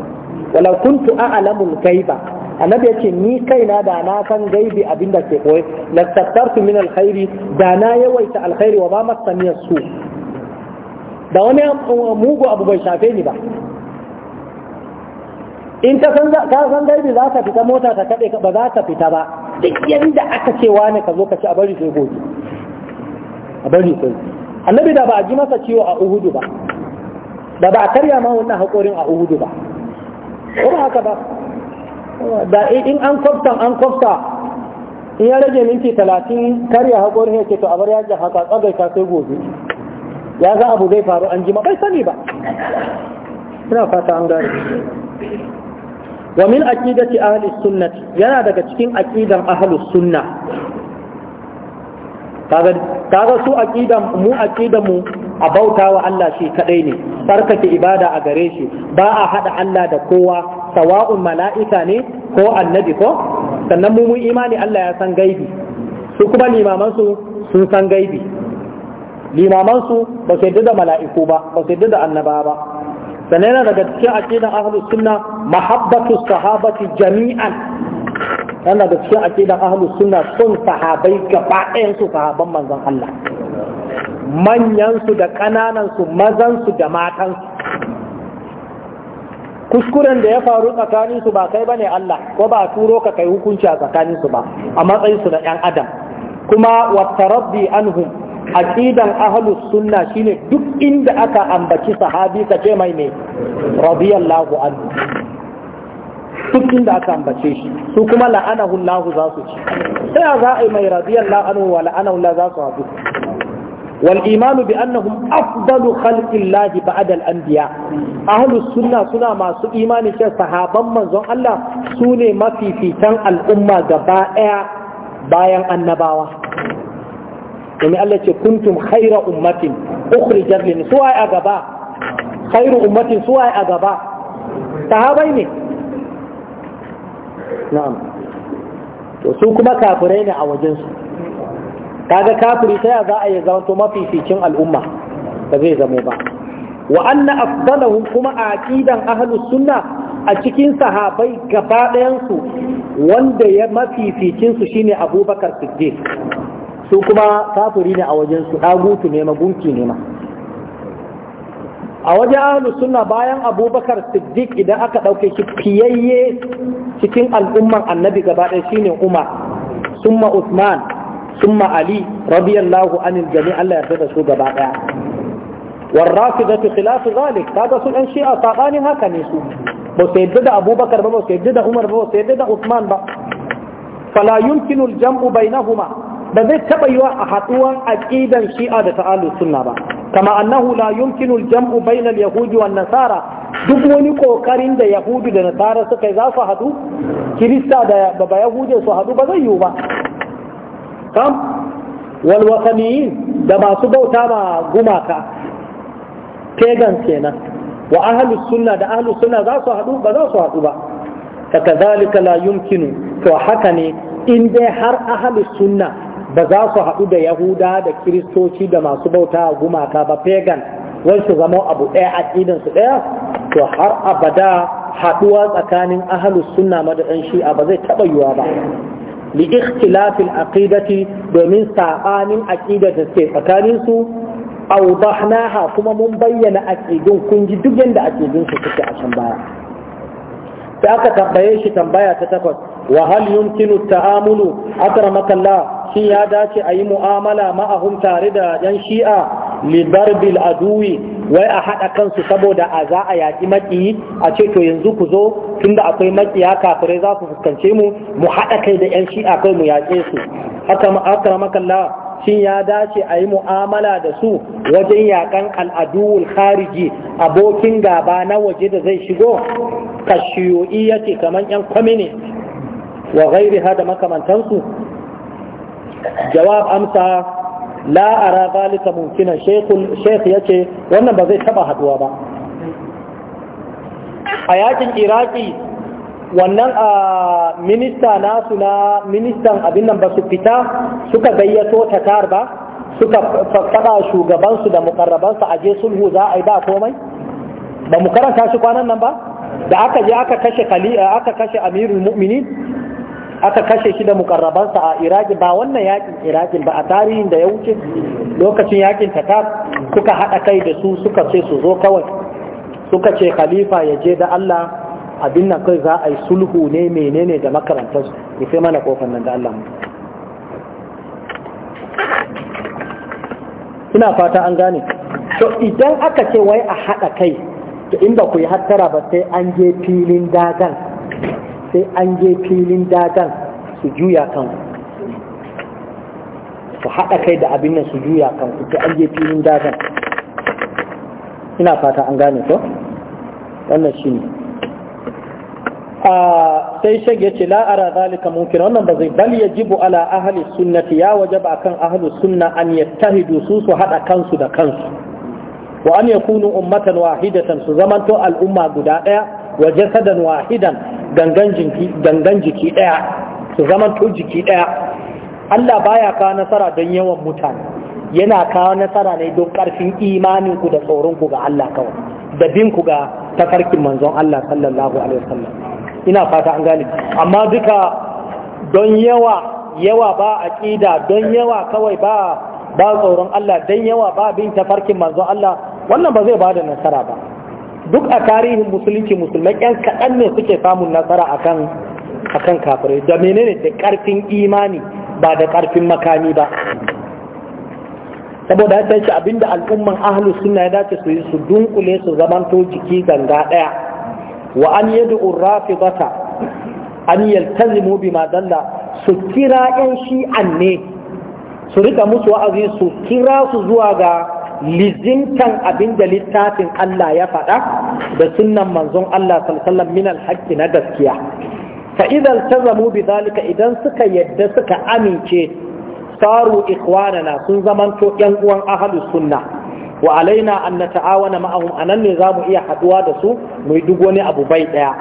walau kuntu a'lamul ghaiba annabi yace ni kaina da na kan gaibi abin da ke koyi la tattartu min alkhairi da na yawaita alkhairi wa ba masaniya su da wani mugu abu bai shafe ni ba in ta san ka san gaibi za ka fita mota ka kade ba za ka fita ba duk yanda aka ce wani ka zo ka ci a bari sai gobe a bari sai annabi da ba a ji masa ciwo a uhudu ba da ba a karya ma wannan haƙorin a uhudu ba ko ba haka ba da in an kwafta an kwafta in ya rage minti talatin kar ya haƙo ya ce to abar yajin haka ta sai gobe ya za abu zai faru an jima bai sani ba ina fata an gari wa min aqidati ahli sunnati yana daga cikin aqidan ahli sunna kaga kaga su mu aqidan mu a bautawa Allah shi kadai ne sarkake ibada a gare shi ba a hada Allah da kowa sawa'un mala'ika ne ko annabi ko sannan mu mun imani Allah ya san gaibi su kuma limaman su sun san gaibi limaman su ba su yadda da mala'iku ba ba su yadda da annaba ba sannan daga cikin aqidan ahlus sunna mahabbatu sahabati jami'an yana da cikin aqidan ahlus suna sun sahabai gaba ɗayan su sahaban manzon Allah manyan da ƙananansu, mazansu da matan kuskuren da ya faru tsakaninsu ba kai bane Allah ko ba turo ka kai hukunci a tsakanin ba a matsayinsu su na ɗan adam kuma wa tarabbi anhum aqidan ahlus sunna shine duk inda aka ambaci sahabi ka ce mai ne radiyallahu anhu duk inda aka ambace shi su kuma la'anahu Allah za su ci sai za a yi mai radiyallahu anhu wa la'anahu Allah za su haɗu wal imanu bi annahum afdalu khalqillahi ba'da al anbiya ahlus sunna suna masu imani ce sahaban manzon Allah sune mafifitan al'umma gaba daya bayan annabawa domin Allah ce kuntum khaira ummatin ukhrijat lin suwa a gaba khairu ummatin suwa a gaba sahabai ne na'am to su kuma kafirai ne a wajensu kaga kafiri ta za a yi zanto mafificin al'umma ba zai zamo ba wa anna afdalahum kuma a aqidan ahlus sunna a cikin sahabai gaba su wanda ya mafificin su shine abubakar siddiq su kuma kafiri ne a wajensu dagutu ne magunki ne ma a wajen ahlu suna bayan abubakar siddiq idan aka ɗauke shi fiyayye cikin al'umman annabi gaba ɗaya shine umar summa usman summa ali radiyallahu anil jami Allah ya da su gaba ɗaya warrafidatu khilafu zalik kaga su ɗan shi'a sabanin haka ne su ba su yadda da abubakar ba ba su yadda da umar ba ba su yadda da usman ba fala yumkinu al-jam'u bainahuma ba zai taɓa yiwa a haɗuwan aƙidan shi'a da ta'alu sunna ba kama annahu la yumkinu jamu bayna al-yahudi wan nasara duk wani kokarin da yahudu da nasara suka yi za su haɗu kirista da baba yahude su haɗu ba zai yiwu ba kam wal wasaniyin da masu bauta ma gumaka pagans kenan wa ahlus sunna da ahlus sunna za su haɗu ba za su haɗu ba kakazalika la yumkinu to haka ne in dai har ahlus sunna ba za su haɗu da yahuda da kiristoci da masu bauta gumaka ba pagan wai su zama abu ɗaya aƙidan su ɗaya to har abada haɗuwa tsakanin ahalus sunna ma da ɗan shi'a ba zai taɓa yiwa ba li ikhtilafil aqidati domin saɓanin aƙida da ke tsakanin su awdahnaha kuma mun bayyana aqidun kun ji duk yanda aqidun su suke a can baya sai aka tambaye shi tambaya ta takwas wa hal yumkinu ta'amulu akramaka Allah shi ya dace a yi mu'amala ma'ahun tare da yan shi'a bil aduwi wai a haɗa kansu saboda a za a yaƙi maƙiyi a ce to yanzu ku zo tunda akwai maƙiya kafirai za su fuskance mu mu haɗa kai da yan shi'a kai mu yaƙe su haka makalla shin ya dace a yi mu'amala da su wajen yaƙan al'aduwul khariji abokin gaba na waje da zai shigo kashiyoyi yake kamar 'yan kwamini wa gairi da makamantansu jawab amsa la ara zalika mumkinan shaykh yace wannan ba zai taba haduwa ba a yakin iraki wannan a minista nasu na ministan abin nan ba su fita suka gayyato tatar ba suka faɗa shugabansu da mukarrabansu a je sulhu za a yi ba komai ba mu karanta shi kwanan nan ba da aka je aka kashe aka kashe amirul mu'minin aka kashe shi da mukarrabansa a iraki ba wannan yakin iraki ba a tarihin da ya wuce lokacin yakin tatar suka haɗa kai da su suka ce su zo kawai suka ce khalifa ya je da Allah abin nan kai za a yi sulhu ne menene da makarantar su sai mana kofar nan da Allah ina fata an gane to idan aka ce wai a haɗa kai to inda ku yi hattara ba sai an je filin dagan sai an je filin dagan su juya kan su haɗa kai da abin nan su juya kan ku sai an je filin dagan ina fata an gane ko wannan shi ne sai shag ya ce la'ara zalika mumkin wannan ba zai bal ya jibu ala ahli sunnati ya waje wajaba akan ahli sunna an yattahidu su su haɗa kansu da kansu wa an yakunu ummatan wahidatan su zamanto al'umma guda ɗaya wa jasadan wahidan gangan jiki ɗaya su zama to jiki ɗaya Allah baya kawo nasara don yawan mutane yana kawo nasara ne don ƙarfin imaninku da tsoronku ga Allah kawai da binku ga tafarkin manzon Allah sallallahu alaihi wasallam ina fata an gane amma duka don yawa yawa ba aqida don yawa kawai ba ba tsoron Allah don yawa ba bin tafarkin manzon Allah wannan ba zai bada nasara ba duk a tarihin musulunci musulmai yan kaɗan ne suke samun nasara akan akan kafirai da menene da ƙarfin imani ba da ƙarfin makami ba saboda ya tashi abinda al'umman ahlu suna ya dace su yi su dunkule su zamanto jiki ganga ɗaya wa an yad'u rafidata an yaltazimu bi madalla su kira yan shi'an ne su rika musu wa'azi su kira su zuwa ga lizinkan abin da littafin Allah ya faɗa da sunnan manzon Allah sallallahu min alhaqqi na gaskiya fa idan tazamu bi zalika idan suka yadda suka amince saru ikhwanana sun zaman to yan uwan ahli sunna wa alaina an nata'awana ma'ahum anan ne zamu iya haduwa da su mu duk wani abu bai daya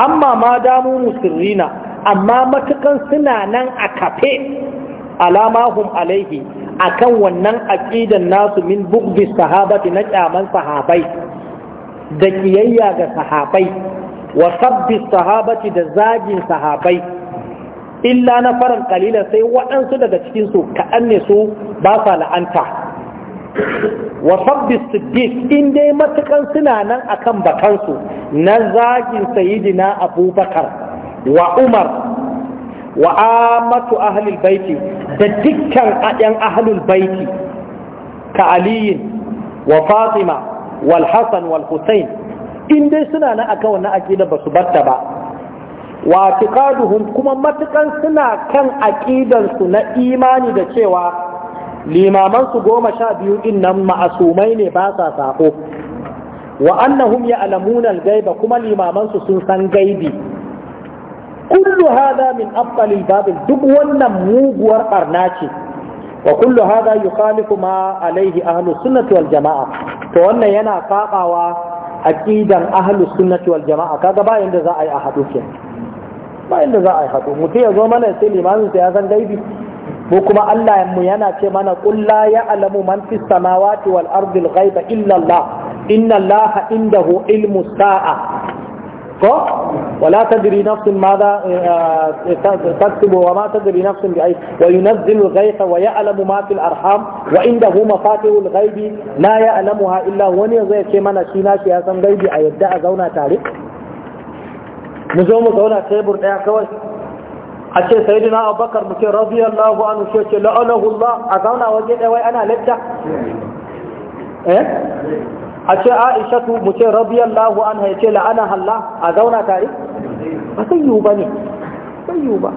amma ma damu musirrina amma matukan suna nan a kafe alamahum alaihi akan wannan aƙidan nasu min bughdi sahabati na ƙyaman sahabai da kiyayya ga sahabai wa sabbi sahabati da zagin sahabai illa na faran kalila sai waɗansu daga cikin su kaɗan ne su ba sa la'anta wa sabbi siddiq in dai matukan suna nan akan bakansu na zagin sayidina abubakar wa umar wa amatu ahlul baiti da dukkan ayan ahlul baiti ka Aliyu wa fatima wal Hassan wal husain in dai suna na akan wannan aqida ba su batta ba wa kuma matukan suna kan aqidan su na imani da cewa limamansu goma sha biyu din nan ma'asumai ne ba sa sako wa annahum ya'lamuna al gaiba kuma limamansu su sun san gaibi kullu hada min afdalil babil duk wannan muguwar barna ce wa kullu hada yukhalifu ma alaihi ahlus sunnati wal jamaa to wannan yana sabawa ƙidan ahlus sunnati wal jamaa kaga ba yanda za a yi ke ba yanda za a yi mutum ya zo mana sai limamin sa ya san gaibi ko kuma Allah mu yana ce mana qul ya alamu man fis samawati wal ardi al ghaiba ilmu sa'a ولا تدري نفس ماذا آه، آه، تكتب وما تدري نفس بأي وينزل الغيث ويعلم ما في الأرحام وعنده مفاتيح الغيب لا يعلمها إلا هو زي كما نشينا شي هذا غيبي أيدع زونا تاريخ مزوم زونا تيبر يا كوي أشي سيدنا أبو بكر مكي رضي الله عنه شيء لعنه الله أزونا وجد وي أنا لجة إيه a ce aishatu mu ce radiyallahu anha ya ce la'ana Allah a zauna tare ba sai yiwu ba ne sai yiwu ba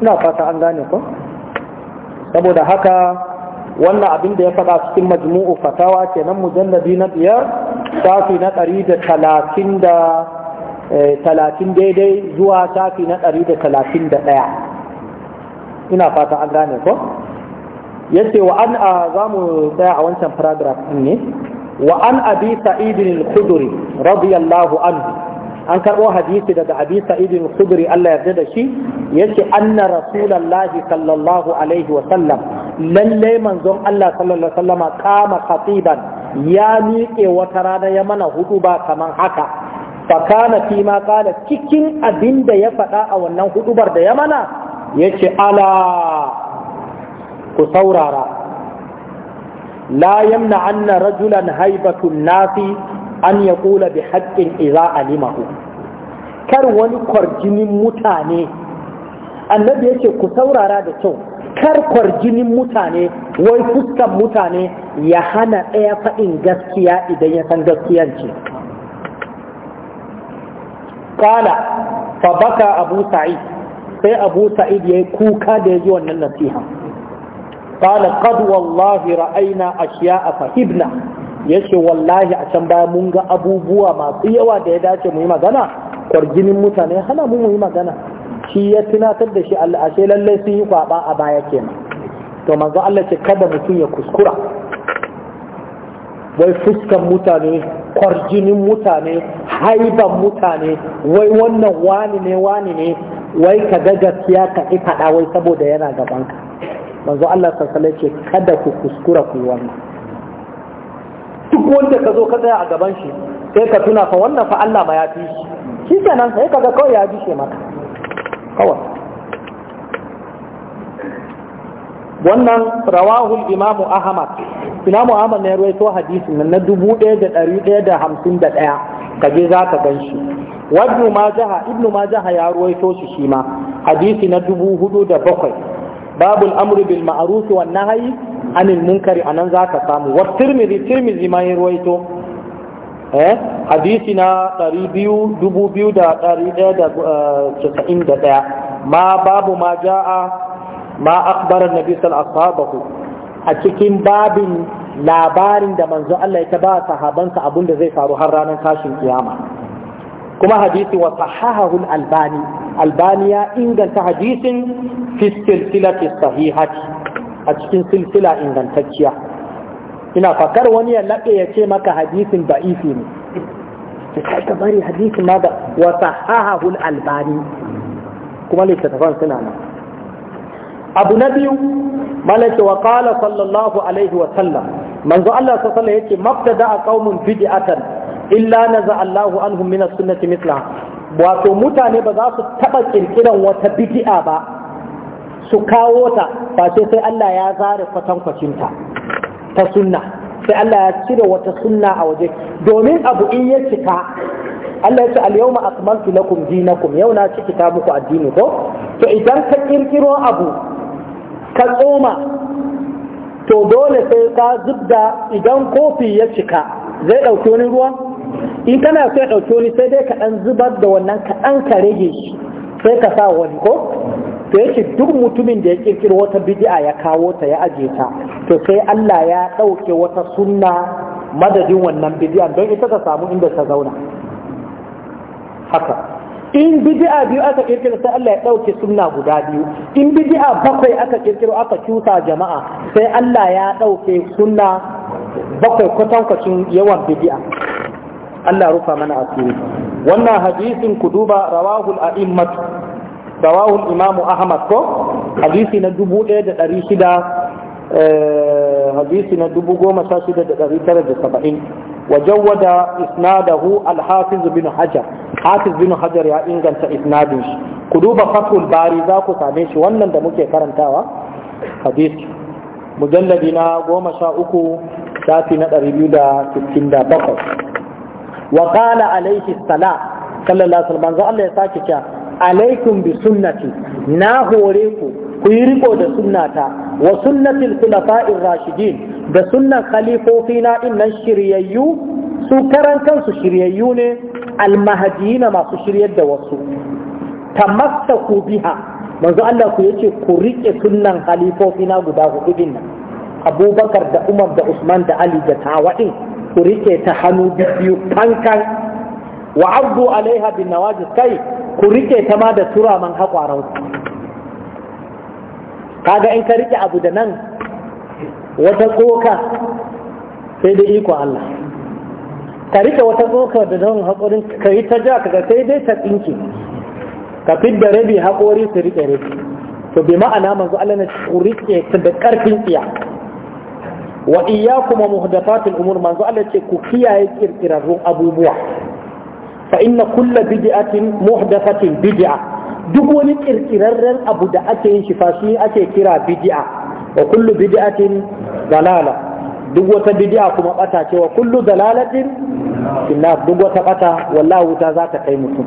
ina fata an gane ko saboda haka wannan abin da ya faɗa cikin majmu'u fatawa kenan mujallabi na biyar shafi na ɗari da talatin da eh, talatin daidai zuwa shafi na ɗari da talatin da ɗaya ina fata an gane ko yace wa an a za mu tsaya a wancan paragraph ɗin ne wa an abi sa'idin al radiyallahu anhu an karɓo hadisi daga abi sa'idin al Allah yarda da shi yace anna rasulullahi sallallahu alaihi wa sallam lalle manzon Allah sallallahu alaihi wa sallama kama khatiban ya miƙe wata rana ya mana hudu kaman haka fakana fi cikin abin ya faɗa a wannan huɗubar da ya mana ya ce ala ku saurara la yamna anna rajulan haibatun nasi an ya kula bi haƙƙin iza alimahu kar wani kwarjinin mutane annabi yake ku saurara da kyau kar kwarjinin mutane wai fuskan mutane ya hana ɗaya faɗin gaskiya idan ya san gaskiyan ce kala fa baka abu sa'id sai abu sa'id ya yi kuka da ya ji wannan nasiha qala qad wallahi ra'ayna ashiya'a fahibna yace wallahi a can baya mun ga abubuwa masu yawa da ya dace mu yi magana Kwarginin mutane hana mu mu yi magana shi ya tunatar da shi Allah ashe lallai sun yi kwaba a baya kenan to manzo Allah ce kada mutum ya kuskura wai fuskan mutane kwarginin mutane haiban mutane wai wannan wani ne wani ne wai ka ga gaskiya ka faɗa wai saboda yana ka. manzo Allah sallallahu ce kada ku kuskura ku wannan duk wanda ka zo ka tsaya a gaban shi sai ka tuna fa wannan fa Allah ma ya fi shi shi kenan sai ka kaga kawai ya shi maka kawai wannan rawahul imamu ahmad imamu ahmad ne ruwaito hadisin nan na dubu ɗaya da ɗari ɗaya da hamsin da ɗaya kaje za ka gan shi wajnu ma ibnu ma jaha ya ruwaito shi shi ma hadisi na dubu hudu da bakwai babul amru bil ma'ruf wan nahyi anil munkari anan zaka samu wa tirmidhi tirmidhi ma ya ruwaito eh hadisi na eh, da ɗaya ma babu ma jaa ma akhbara nabi sallallahu alaihi a cikin babin labarin da manzo Allah ya ta ba sahabansa abinda zai faru har ranar tashin kiyama kuma hadisi wa sahahahu albani albani ya inganta hadisin fi silsilati sahihati a cikin silsila ingantacciya ina fakar wani ya laɓe ya ce maka hadisin da'ifi ne ka bari hadisin ma da wa sahahahu albani kuma littattafan suna nan abu na biyu malaka wa qala sallallahu alaihi wa sallam manzo Allah sallallahu alaihi wa sallam yace mabtada qaumun bid'atan illa naza Allahu an min as-sunnati mithla wato mutane ba za su taɓa ƙirƙiran wata bidi'a ba su kawo ta ba sai sai Allah ya zare kwatankwacin ta ta sunna sai Allah ya cire wata sunna a waje domin abu in ya cika Allah ya ce al-yawma akmaltu lakum dinakum yau na ci cikita muku addini ko to idan ka kirkiro abu ka tsoma to dole sai ka zubda idan kofi ya cika zai ɗauki wani ruwa in kana sai ɗauke wani sai dai ka ɗan zubar da wannan ka ɗan ka rage shi sai ka sa wani ko to yake duk mutumin da ya kirkiro wata bid'a ya kawo ta ya aje ta to sai Allah ya ɗauke wata sunna madadin wannan bid'a don ita ta samu inda ta zauna haka in bid'a biyu aka kirkiro sai Allah ya ɗauke sunna guda biyu in bid'a bakwai aka kirkiro aka cuta jama'a sai Allah ya ɗauke sunna bakwai kwatankwacin yawan bid'a Allah rufa mana asiri wannan hadisin ku duba rawahul a'immat rawahul imam ahmad ko hadisi na 1600 eh, hadisi na 1670 wajawada isnadahu al-hafiz bin hajar hafiz bin hajar ya inganta isnadin shi ku duba fatul bari za ku same shi wannan da muke karantawa hadisi mujalladi na 13 safi na 267 wa qala alaihi salam sallallahu alaihi wasallam Allah ya sake cewa alaikum bi sunnati na hore ku ku yi riko da sunnata wa sunnatil khulafa'ir rashidin da sunnan khalifofi na innan shiryayyu su karan kansu shiryayyu ne almahadiyina masu shiryar da wasu tamassaku biha manzo Allah ku yace ku rike sunnan khalifofi na guda hudu din nan Abubakar da Umar da Usman da Ali da Tawadin ku rike ta hannu biyu kankan wa abdu alaiha bin nawaji kai ku rike ta ma da turaman hakwaran ku kaga in ka rike abu da nan wata tsoka sai da iko Allah ka rike wata tsoka da nan hakorin ka yi ta ja kaga sai dai ta tsinke ka fidda rabi hakori su rike rabi to bi ma'ana manzo Allah na ku rike ta da karfin tsiya wa iyyakum muhdathatil umur manzo Allah ce ku kiyaye kirkirarrun abubuwa fa inna kullu bid'atin muhdathatin bid'a duk wani kirkirarren abu da ake yin shi ake kira bid'a wa kullu bid'atin dalala duk wata bid'a kuma bata ce wa kullu dalalatin inna duk wata bata wallahi wuta zata kai mutum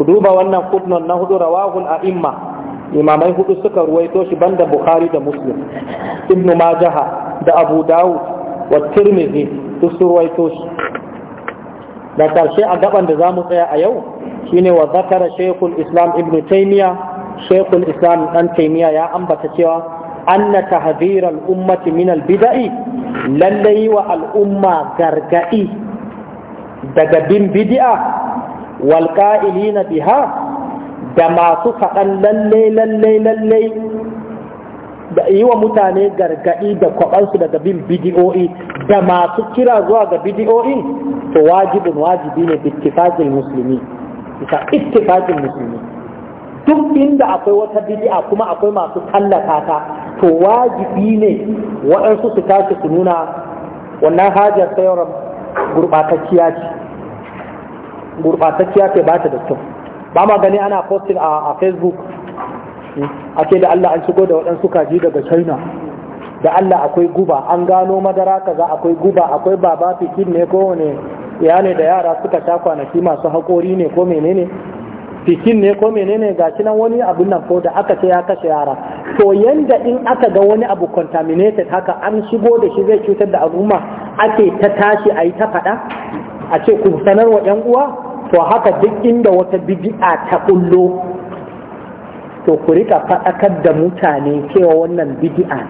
ku duba wannan footnote na hudu rawahul a'imma imamai hudu suka ruwaito shi banda bukhari da muslim ibnu majaha da abu dawud wa tirmidhi duk su ruwaito shi da karshe a gaban da zamu tsaya a yau shine wa zakara shaykhul islam ibnu taymiya shaykhul islam dan taymiya ya ambata cewa anna tahdhir al ummati min al bid'i lallai wa al umma gargadi daga bin bid'a wal qa'ilina biha da masu faɗan lalle lalle lalle da yi wa mutane gargaɗi da kwaɓansu daga bin bidiyo'i da masu kira zuwa ga bidiyo'in to wajibin wajibi ne bittifajin musulmi isa ittifajin musulmi duk inda akwai wata bidi'a kuma akwai masu tallata ta to wajibi ne waɗansu su tashi su nuna wannan hajar sayar gurɓatacciya ce gurɓatacciya ce ba ta da kyau ba ma gani ana posting a facebook hmm? a da Allah an shigo da waɗansu kaji daga china da Allah akwai guba an gano madara kaza akwai guba akwai baba fikin ne ko wane ya ne da yara suka sha kwanaki masu haƙori ne ko menene fikin ne ko menene gashi nan wani abin nan ko da aka ce ya kashe yara to yadda in aka ga wani abu contaminated haka an shigo da shi zai cutar da al'umma ake ta tashi a yi ta faɗa a ce ku sanarwa 'yan uwa to haka duk inda wata bid'a ta kullo to ku rika faɗakar da mutane cewa wannan bid'a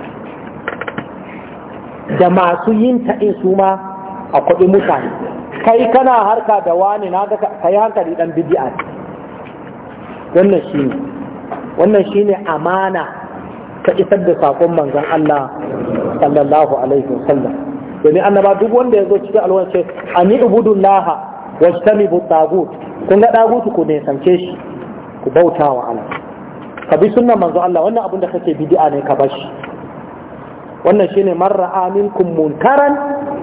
da masu yin ta in su ma a kuɗi mutane kai kana harka da wani na ga kai hankali dan bid'a wannan shine wannan shine amana ta isar da sakon manzon Allah sallallahu alaihi wasallam domin annaba duk wanda ya zo cikin alwan ce ani ubudullaha wajtanibu tagut kun ga tagut ku ne shi ku bauta wa Allah ka bi sunnan manzo Allah wannan abin da kake bid'a ne ka bashi wannan shine marra aminkum munkaran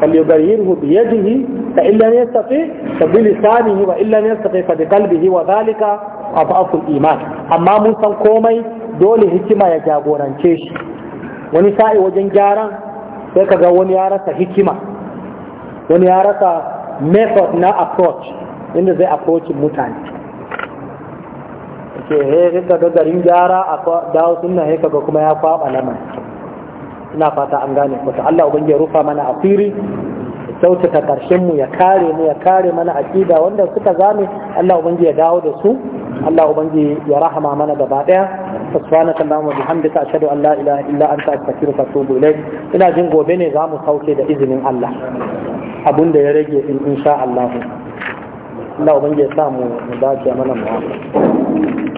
falyughayyirhu bi yadihi fa illa yastati fa bi lisanihi wa illa yastati fa bi qalbihi wa dhalika afafu iman amma mun san komai dole hikima ya jagorance shi wani sa'i wajen gyaran sai kaga wani ya rasa hikima wani ya rasa method na approach inda zai approach mutane ke he ga garin gyara a dawo sunna heka ga kuma ya kwaba lamar ina fata an gane ko Allah Allah ya rufa mana asiri kyautata karshen mu ya kare mu ya kare mana aqida wanda suka zame Allah ubangiji ya dawo da su Allah ubangiji ya rahama mana gaba daya subhanaka allahumma bihamdika ashhadu an la ilaha illa anta astaghfiruka wa atubu ilaik ina jin gobe ne zamu sauke da izinin Allah abun da ya rage in insha Allah Allah ubangiji ya sa mu dace mana mu